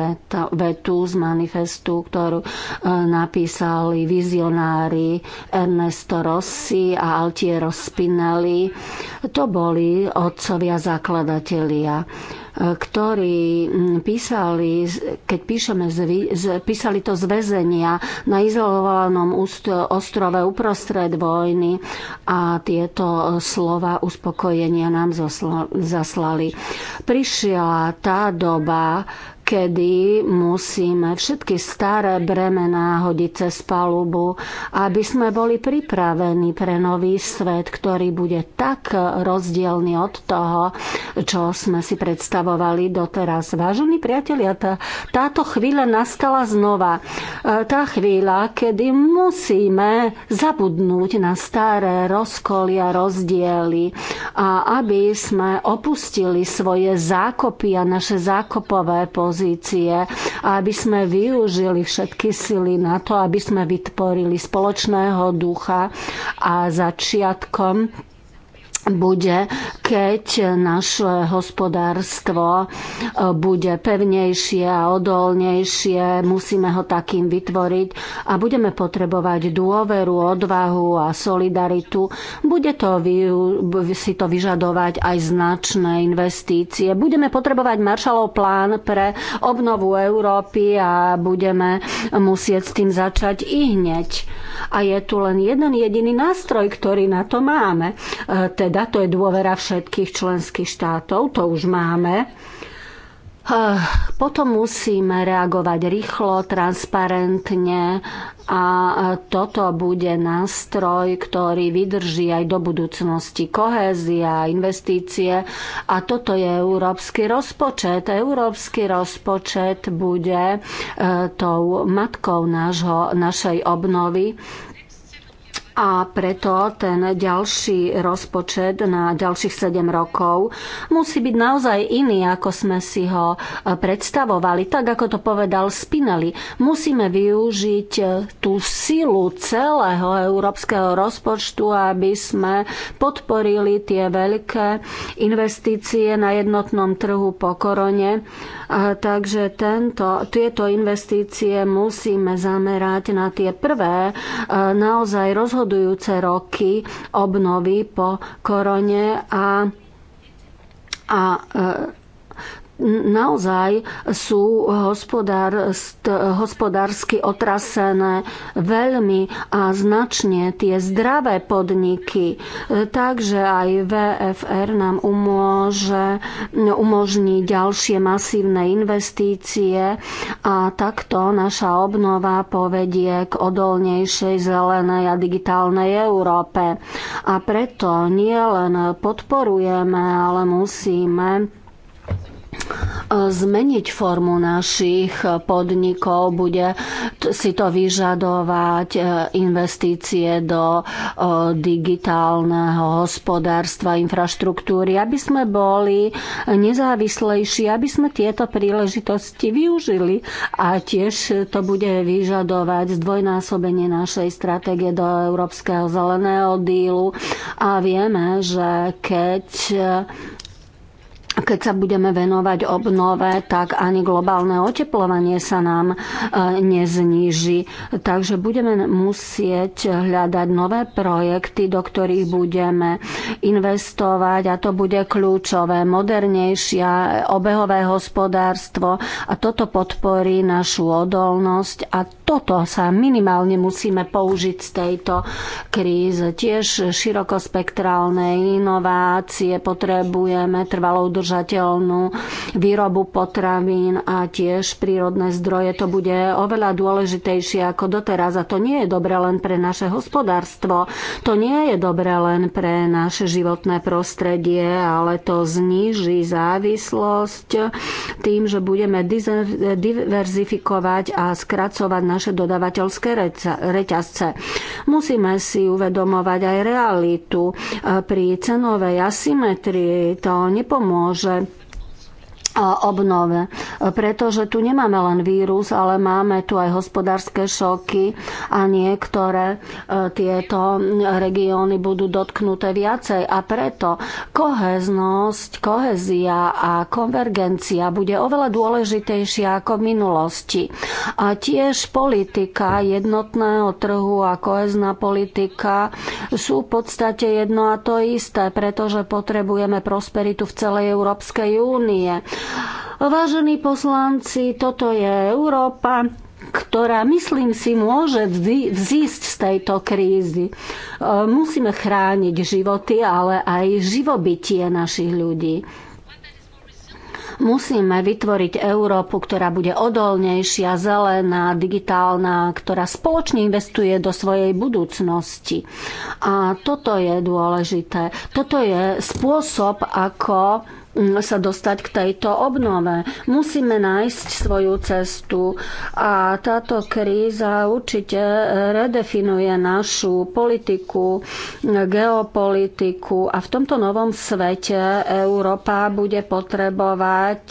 vetu z manifestu, ktorú e, napísali vizionári Ernesto Rossi a Altiero Spinelli. To boli otcovia zakladatelia ktorí mm, písali, keď píšeme, z, písali to z väzenia na izolovanom ostrove uprostred vojny a tieto slova uspokojenia nám zaslali. Prišla tá doba, kedy musíme všetky staré bremená hodiť cez palubu, aby sme boli pripravení pre nový svet, ktorý bude tak rozdielny od toho, čo sme si predstavovali doteraz. Vážení priatelia, tá, táto chvíľa nastala znova. E, tá chvíľa, kedy musíme zabudnúť na staré rozkoly a rozdiely a aby sme opustili svoje zákopy a naše zákopové pozície pozície a aby sme využili všetky sily na to, aby sme vytvorili spoločného ducha a začiatkom bude, keď naše hospodárstvo eh, bude pevnejšie a odolnejšie, musíme ho takým vytvoriť a budeme potrebovať dôveru, odvahu a solidaritu. Bude to si to vyžadovať aj značné investície. Budeme potrebovať Marshallov plán pre obnovu Európy a budeme musieť s tým začať i hneď. A je tu len jeden jediný nástroj, ktorý na to máme. Eh, ten teda to je dôvera všetkých členských štátov, to už máme. Eh, potom musíme reagovať rýchlo, transparentne a eh, toto bude nástroj, ktorý vydrží aj do budúcnosti kohézia, investície a toto je európsky rozpočet. Európsky rozpočet bude eh, tou matkou nášho, našej obnovy a preto ten ďalší rozpočet na ďalších 7 rokov musí byť naozaj iný, ako sme si ho e, predstavovali. Tak, ako to povedal Spinelli, musíme využiť e, tú silu celého európskeho rozpočtu, aby sme podporili tie veľké investície na jednotnom trhu po korone. E, takže tento, tieto investície musíme zamerať na tie prvé naozaj rozhodnutie nasledujúce roky obnovy po korone a a e, naozaj sú hospodársky otrasené veľmi a značne tie zdravé podniky. Takže aj VFR nám umôže, umožní ďalšie masívne investície a takto naša obnova povedie k odolnejšej zelenej a digitálnej Európe. A preto nie len podporujeme, ale musíme zmeniť formu našich podnikov, bude si to vyžadovať e, investície do e, digitálneho hospodárstva, infraštruktúry, aby sme boli nezávislejší, aby sme tieto príležitosti využili. A tiež to bude vyžadovať zdvojnásobenie našej stratégie do Európskeho zeleného dílu. A vieme, že keď keď sa budeme venovať obnove, tak ani globálne oteplovanie sa nám e, nezníži. Takže budeme musieť hľadať nové projekty, do ktorých budeme investovať a to bude kľúčové, modernejšia, obehové hospodárstvo a toto podporí našu odolnosť a toto sa minimálne musíme použiť z tejto kríze. Tiež širokospektrálne inovácie potrebujeme, trvalou udržateľnosť udržateľnú výrobu potravín a tiež prírodné zdroje. To bude oveľa dôležitejšie ako doteraz a to nie je dobre len pre naše hospodárstvo, to nie je dobre len pre naše životné prostredie, ale to zníži závislosť tým, že budeme diverzifikovať a skracovať naše dodavateľské reťazce. Musíme si uvedomovať aj realitu. Pri cenovej asymetrii to nepomôže že a obnove. Pretože tu nemáme len vírus, ale máme tu aj hospodárske šoky a niektoré e, tieto regióny budú dotknuté viacej a preto koheznosť, kohezia a konvergencia bude oveľa dôležitejšia ako v minulosti. A tiež politika jednotného trhu a kohezná politika sú v podstate jedno a to isté, pretože potrebujeme prosperitu v celej Európskej únie Vážení poslanci, toto je Európa, ktorá, myslím si, môže vzísť z tejto krízy. E, musíme chrániť životy, ale aj živobytie našich ľudí. Musíme vytvoriť Európu, ktorá bude odolnejšia, zelená, digitálna, ktorá spoločne investuje do svojej budúcnosti. A toto je dôležité. Toto je spôsob, ako sa dostať k tejto obnove. Musíme nájsť svoju cestu a táto kríza určite redefinuje našu politiku, geopolitiku a v tomto novom svete Európa bude potrebovať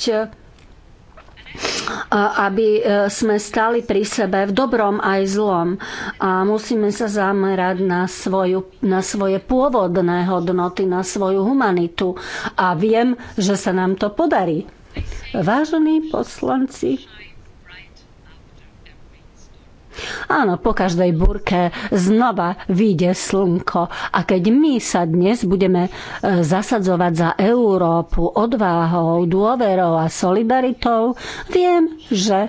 aby e, sme stali pri sebe v dobrom aj zlom. A musíme sa zamerať na, svoju, na svoje pôvodné hodnoty, na svoju humanitu. A viem, že sa nám to podarí. Vážení poslanci, Áno, po každej burke znova vyjde slnko. A keď my sa dnes budeme e, zasadzovať za Európu odváhou, dôverou a solidaritou, viem, že e,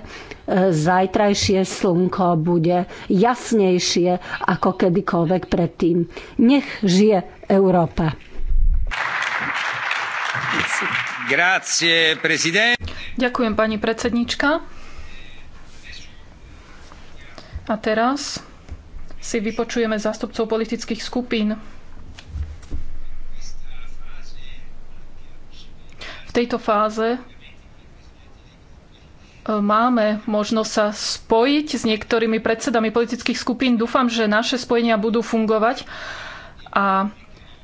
zajtrajšie slnko bude jasnejšie ako kedykoľvek predtým. Nech žije Európa. Grazie, Ďakujem pani predsednička. A teraz si vypočujeme zástupcov politických skupín. V tejto fáze e, máme možnosť sa spojiť s niektorými predsedami politických skupín. Dúfam, že naše spojenia budú fungovať a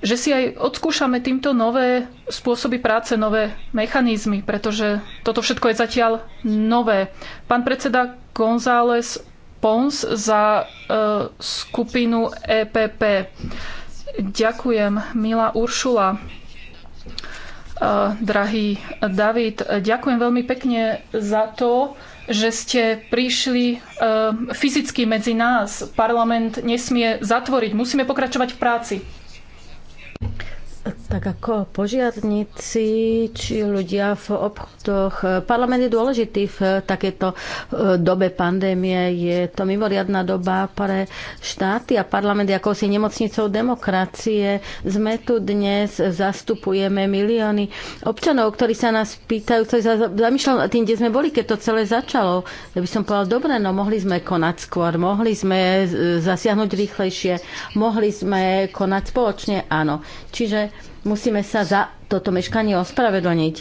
že si aj odskúšame týmto nové spôsoby práce, nové mechanizmy, pretože toto všetko je zatiaľ nové. Pán predseda González Pons za e, skupinu EPP. Ďakujem, milá Uršula. E, drahý David, ďakujem veľmi pekne za to, že ste prišli e, fyzicky medzi nás. Parlament nesmie zatvoriť. Musíme pokračovať v práci. Tak ako požiadnici či ľudia v obchodoch. Parlament je dôležitý v takejto e, dobe pandémie. Je to mimoriadná doba pre štáty a parlament je ako si nemocnicou demokracie. Sme tu dnes, zastupujeme milióny občanov, ktorí sa nás pýtajú, ktorí sa zamýšľajú nad tým, kde sme boli, keď to celé začalo. Ja by som povedal, dobre, no mohli sme konať skôr, mohli sme e, zasiahnuť rýchlejšie, mohli sme konať spoločne, áno. Čiže Musíme sa za toto meškanie ospravedlniť.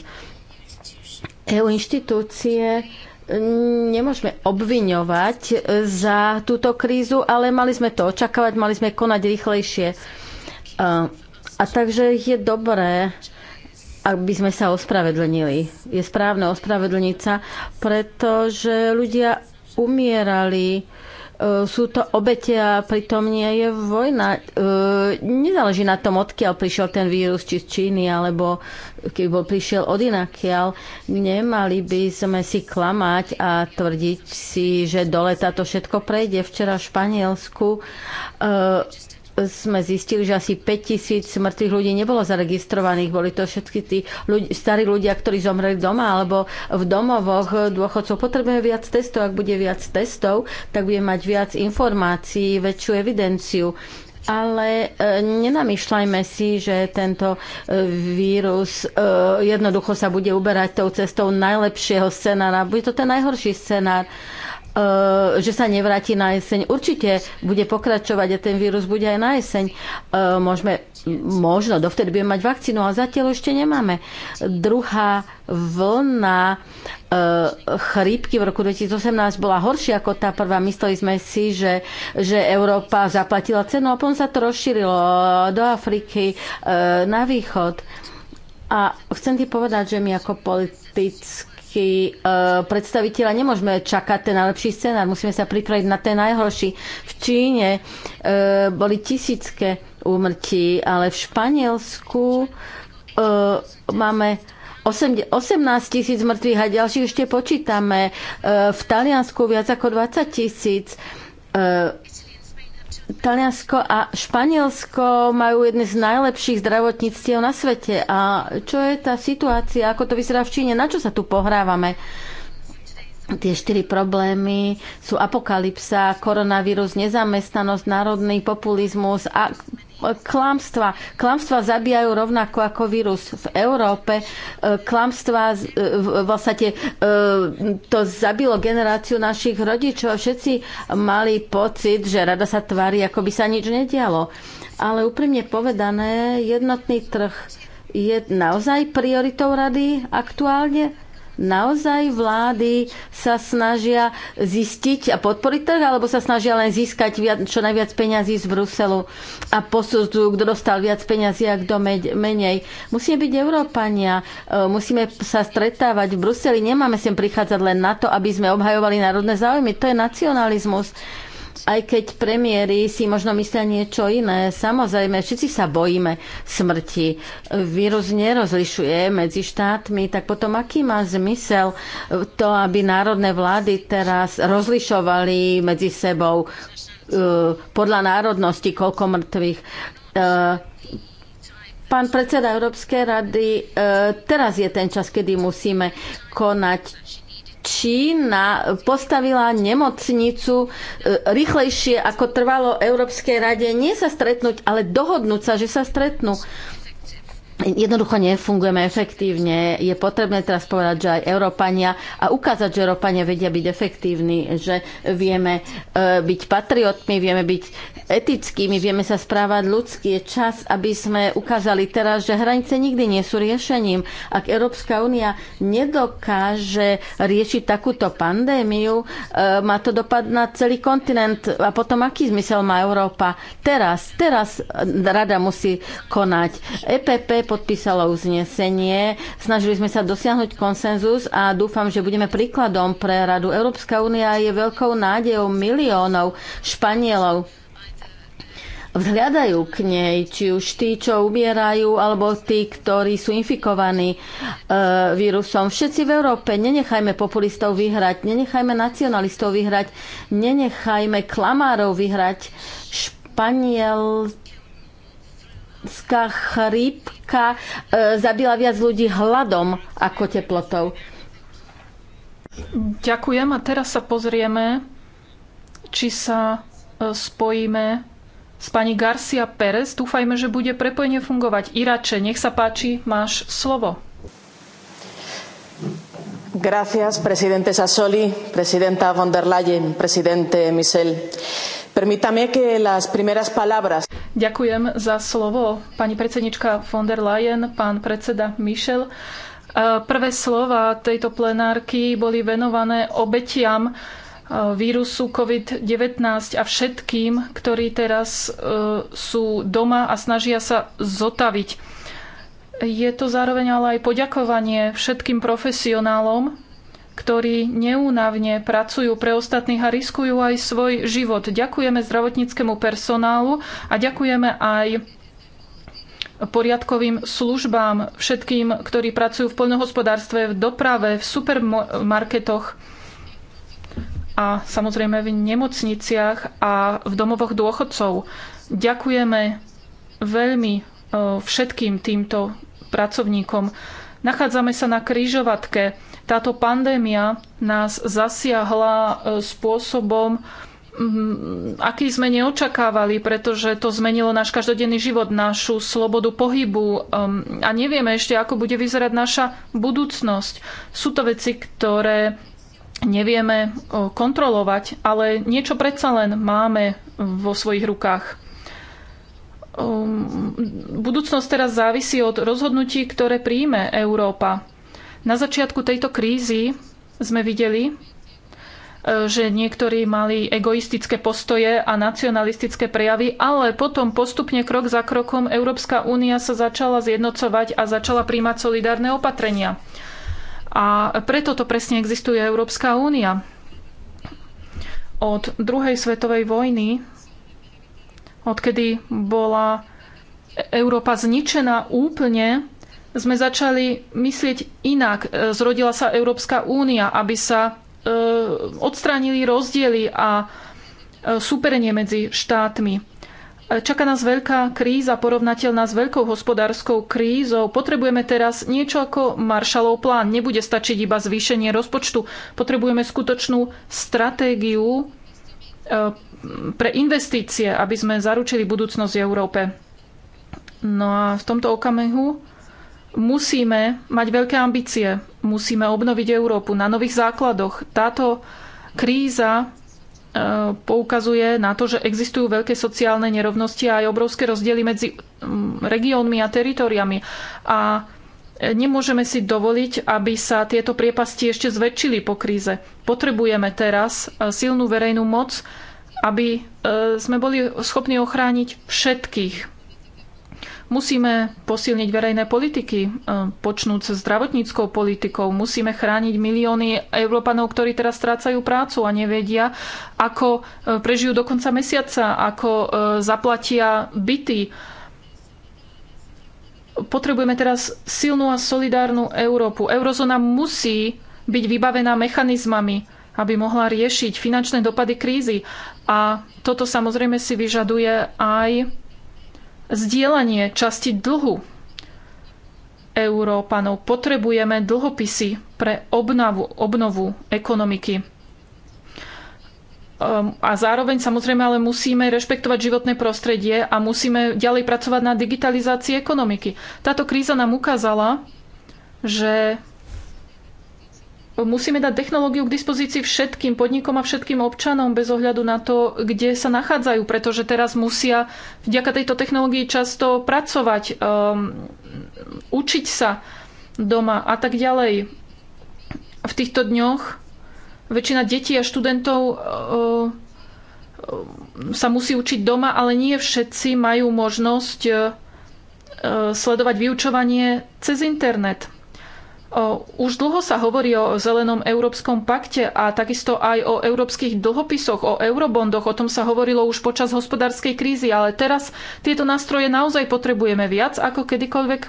EU inštitúcie e, nemôžeme obviňovať e, za túto krízu, ale mali sme to očakávať, mali sme konať rýchlejšie. A, e, a takže je dobré, aby sme sa ospravedlnili. Je správne ospravedlniť sa, pretože ľudia umierali E, sú to obete a pritom nie je vojna. E, nezáleží na tom, odkiaľ prišiel ten vírus, či z Číny, alebo keď bol prišiel od inakiaľ. Nemali by sme si klamať a tvrdiť si, že do leta to všetko prejde. Včera v Španielsku e, sme zistili, že asi 5000 mŕtvych ľudí nebolo zaregistrovaných. Boli to všetky tí ľudí, starí ľudia, ktorí zomreli doma alebo v domovoch dôchodcov. Potrebujeme viac testov. Ak bude viac testov, tak budeme mať viac informácií, väčšiu evidenciu. Ale e, nenamýšľajme si, že tento e, vírus e, jednoducho sa bude uberať tou cestou najlepšieho scenára. Bude to ten najhorší scenár. E, Eh, že sa nevráti na jeseň. Určite bude pokračovať a ten vírus bude aj na jeseň. Eh, môžeme, možno, dovtedy budeme mať vakcínu, ale zatiaľ ešte nemáme. Druhá vlna eh, chrípky v roku 2018 bola horšia ako tá prvá. Mysleli sme si, že, že Európa zaplatila cenu a potom sa to rozšírilo do Afriky, na východ. A chcem ti povedať, že my ako politické európsky predstaviteľ predstaviteľa nemôžeme čakať ten najlepší scenár, musíme sa pripraviť na ten najhorší. V Číne e, boli tisícké úmrtí, ale v Španielsku e, máme 18 tisíc mŕtvych a ďalších ešte počítame. E, v Taliansku viac ako 20 tisíc Taliansko a Španielsko majú jedne z najlepších zdravotníctiev na svete. A čo je tá situácia? Ako to vyzerá v Číne? Na čo sa tu pohrávame? Tie štyri problémy sú apokalypsa, koronavírus, nezamestnanosť, národný populizmus a klamstva. Klamstva zabíjajú rovnako ako vírus v Európe. E, klamstva e, v podstate vlastne, e, to zabilo generáciu našich rodičov. Všetci mali pocit, že rada sa tvári, ako by sa nič nedialo. Ale úprimne povedané, jednotný trh je naozaj prioritou rady aktuálne? Naozaj vlády sa snažia zistiť a podporiť trh, alebo sa snažia len získať viac, čo najviac peňazí z Bruselu a posudzujú, kto dostal viac peňazí a kto menej. Musíme byť Európania, e, musíme sa stretávať v Bruseli, nemáme sem prichádzať len na to, aby sme obhajovali národné záujmy. To je nacionalizmus. Aj keď premiéry si možno myslia niečo iné, samozrejme, všetci sa bojíme smrti. Vírus nerozlišuje medzi štátmi, tak potom aký má zmysel to, aby národné vlády teraz rozlišovali medzi sebou e, podľa národnosti, koľko mŕtvych. E, pán predseda Európskej rady, e, teraz je ten čas, kedy musíme konať na, postavila nemocnicu e, rýchlejšie, ako trvalo Európskej rade nie sa stretnúť, ale dohodnúť sa, že sa stretnú jednoducho nefungujeme efektívne. Je potrebné teraz povedať, že aj Európania a ukázať, že Európania vedia byť efektívni, že vieme e, byť patriotmi, vieme byť etickými, vieme sa správať ľudský Je čas, aby sme ukázali teraz, že hranice nikdy nie sú riešením. Ak Európska únia nedokáže riešiť takúto pandémiu, e, má to dopad na celý kontinent. A potom aký zmysel má Európa? Teraz, teraz rada musí konať. EPP podpísalo uznesenie. Snažili sme sa dosiahnuť konsenzus a dúfam, že budeme príkladom pre Radu. Európska únia je veľkou nádejou miliónov Španielov vzhľadajú k nej, či už tí, čo umierajú, alebo tí, ktorí sú infikovaní e, vírusom. Všetci v Európe, nenechajme populistov vyhrať, nenechajme nacionalistov vyhrať, nenechajme klamárov vyhrať. Španiel africká chrípka e, zabila viac ľudí hladom ako teplotou. Ďakujem a teraz sa pozrieme, či sa e, spojíme s pani Garcia Pérez. Dúfajme, že bude prepojenie fungovať. Irače, nech sa páči, máš slovo. Gracias, presidente Sassoli, presidenta von der Leyen, presidente Michel. Permítame que las primeras palabras. Ďakujem za slovo, pani predsednička von der Leyen, pán predseda Michel. E, prvé slova tejto plenárky boli venované obetiam e, vírusu COVID-19 a všetkým, ktorí teraz e, sú doma a snažia sa zotaviť. Je to zároveň ale aj poďakovanie všetkým profesionálom, ktorí neúnavne pracujú pre ostatných a riskujú aj svoj život. Ďakujeme zdravotníckému personálu a ďakujeme aj poriadkovým službám, všetkým, ktorí pracujú v poľnohospodárstve, v doprave, v supermarketoch a samozrejme v nemocniciach a v domovoch dôchodcov. Ďakujeme veľmi eh, všetkým týmto pracovníkom. Nachádzame sa na krížovatke. Táto pandémia nás zasiahla e, spôsobom, mm, aký sme neočakávali, pretože to zmenilo náš každodenný život, našu slobodu pohybu a nevieme ešte, ako bude vyzerať naša budúcnosť. Sú to veci, ktoré nevieme kontrolovať, ale niečo predsa len máme vo svojich rukách. Um, budúcnosť teraz závisí od rozhodnutí, ktoré príjme Európa. Na začiatku tejto krízy sme videli, e, že niektorí mali egoistické postoje a nacionalistické prejavy, ale potom postupne krok za krokom Európska únia sa začala zjednocovať a začala príjmať solidárne opatrenia. A preto to presne existuje Európska únia. Od druhej svetovej vojny odkedy bola Európa zničená úplne, sme začali myslieť inak. E, zrodila sa Európska únia, aby sa e, odstránili rozdiely a e, súperenie medzi štátmi. Čaká nás veľká kríza, porovnateľná s veľkou hospodárskou krízou. Potrebujeme teraz niečo ako Marshallov plán. Nebude stačiť iba zvýšenie rozpočtu. Potrebujeme skutočnú stratégiu pre investície, aby sme zaručili budúcnosť Európe. No a v tomto okamihu musíme mať veľké ambície, musíme obnoviť Európu na nových základoch. Táto kríza e, poukazuje na to, že existujú veľké sociálne nerovnosti a aj obrovské rozdiely medzi regiónmi a teritoriami. A nemôžeme si dovoliť, aby sa tieto priepasti ešte zväčšili po kríze. Potrebujeme teraz silnú verejnú moc, aby e, sme boli schopní ochrániť všetkých. Musíme posilniť verejné politiky, e, počnúť sa zdravotníckou politikou, musíme chrániť milióny Európanov, ktorí teraz strácajú prácu a nevedia, ako e, prežijú do konca mesiaca, ako zaplatia byty. Potrebujeme teraz silnú a solidárnu Európu. Eurozóna musí byť vybavená mechanizmami, aby mohla riešiť finančné dopady krízy. A toto samozrejme si vyžaduje aj zdieľanie časti dlhu Európanov. Potrebujeme dlhopisy pre obnovu, obnovu ekonomiky. Ehm, a zároveň samozrejme ale musíme rešpektovať životné prostredie a musíme ďalej pracovať na digitalizácii ekonomiky. Táto kríza nám ukázala, že musíme dať technológiu k dispozícii všetkým podnikom a všetkým občanom bez ohľadu na to, kde sa nachádzajú, pretože teraz musia vďaka tejto technológii často pracovať, um, učiť sa doma a tak ďalej. V týchto dňoch väčšina detí a študentov uh, um, sa musí učiť doma, ale nie všetci majú možnosť uh, sledovať vyučovanie cez internet. Už dlho sa hovorí o zelenom európskom pakte a takisto aj o európskych dlhopisoch, o eurobondoch. O tom sa hovorilo už počas hospodárskej krízy, ale teraz tieto nástroje naozaj potrebujeme viac ako kedykoľvek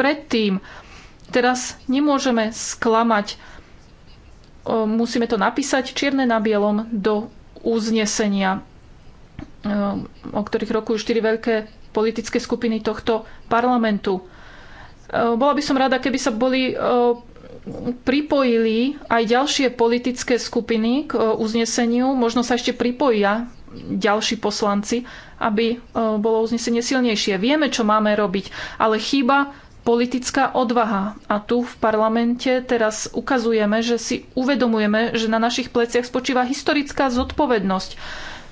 predtým. Teraz nemôžeme sklamať. Musíme to napísať čierne na bielom do uznesenia, o ktorých rokujú štyri veľké politické skupiny tohto parlamentu. Eh, bola by som rada, keby sa boli eh, pripojili aj ďalšie politické skupiny k eh, uzneseniu. Možno sa ešte pripojia ďalší poslanci, aby bolo uznesenie silnejšie. Vieme, čo máme robiť, ale chýba politická odvaha. A tu v parlamente teraz ukazujeme, že si uvedomujeme, že na našich pleciach spočíva historická zodpovednosť.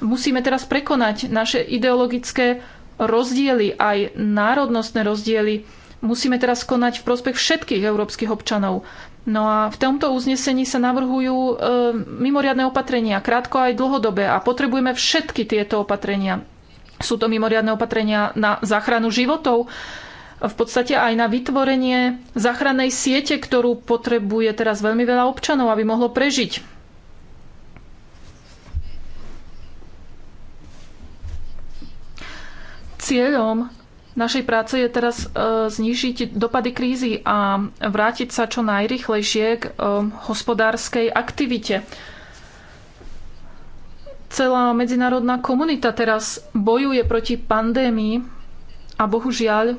Musíme teraz prekonať naše ideologické rozdiely, aj národnostné rozdiely Musíme teraz konať v prospech všetkých európskych občanov. No a v tomto uznesení sa navrhujú e, mimoriadne opatrenia, krátko aj dlhodobé a potrebujeme všetky tieto opatrenia. Sú to mimoriadne opatrenia na záchranu životov, v podstate aj na vytvorenie záchrannej siete, ktorú potrebuje teraz veľmi veľa občanov, aby mohlo prežiť. Cieľom našej práce je teraz e, znižiť dopady krízy a vrátiť sa čo najrychlejšie k e, hospodárskej aktivite. Celá medzinárodná komunita teraz bojuje proti pandémii a bohužiaľ e,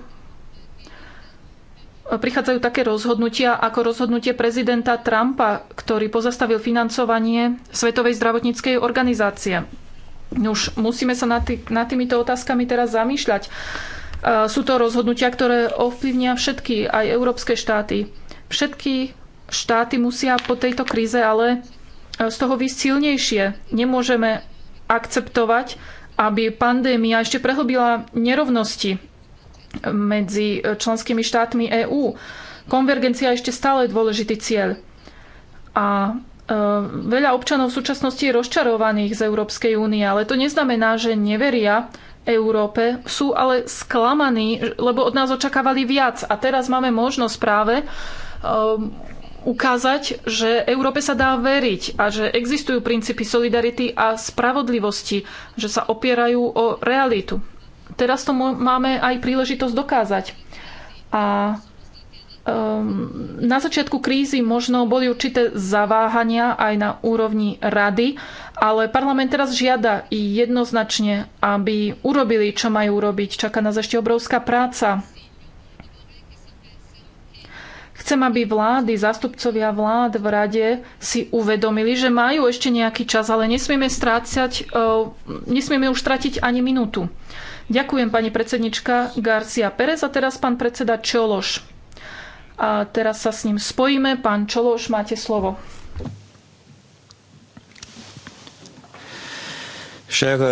prichádzajú také rozhodnutia ako rozhodnutie prezidenta Trumpa, ktorý pozastavil financovanie Svetovej zdravotníckej organizácie. Už musíme sa nad, tý, nad týmito otázkami teraz zamýšľať sú to rozhodnutia, ktoré ovplyvnia všetky, aj európske štáty. Všetky štáty musia po tejto kríze ale e, z toho výsť silnejšie. Nemôžeme akceptovať, aby pandémia ešte prehlbila nerovnosti e, medzi e, členskými štátmi EÚ. Konvergencia je ešte stále dôležitý cieľ. A veľa občanov v súčasnosti je rozčarovaných z Európskej únie, ale to neznamená, že neveria Európe, sú ale sklamaní, lebo od nás očakávali viac. A teraz máme možnosť práve um, ukázať, že Európe sa dá veriť a že existujú princípy solidarity a spravodlivosti, že sa opierajú o realitu. Teraz to máme aj príležitosť dokázať. A Ehm, na začiatku krízy možno boli určité zaváhania aj na úrovni rady, ale parlament teraz žiada jednoznačne, aby urobili, čo majú urobiť. Čaká nás ešte obrovská práca. Chcem, aby vlády, zástupcovia vlád v rade si uvedomili, že majú ešte nejaký čas, ale nesmieme, strácať, e, nesmieme už stratiť ani minútu. Ďakujem pani predsednička Garcia Perez a teraz pán predseda Čološ. A teraz sa s ním spojíme. Pán Čološ, máte slovo.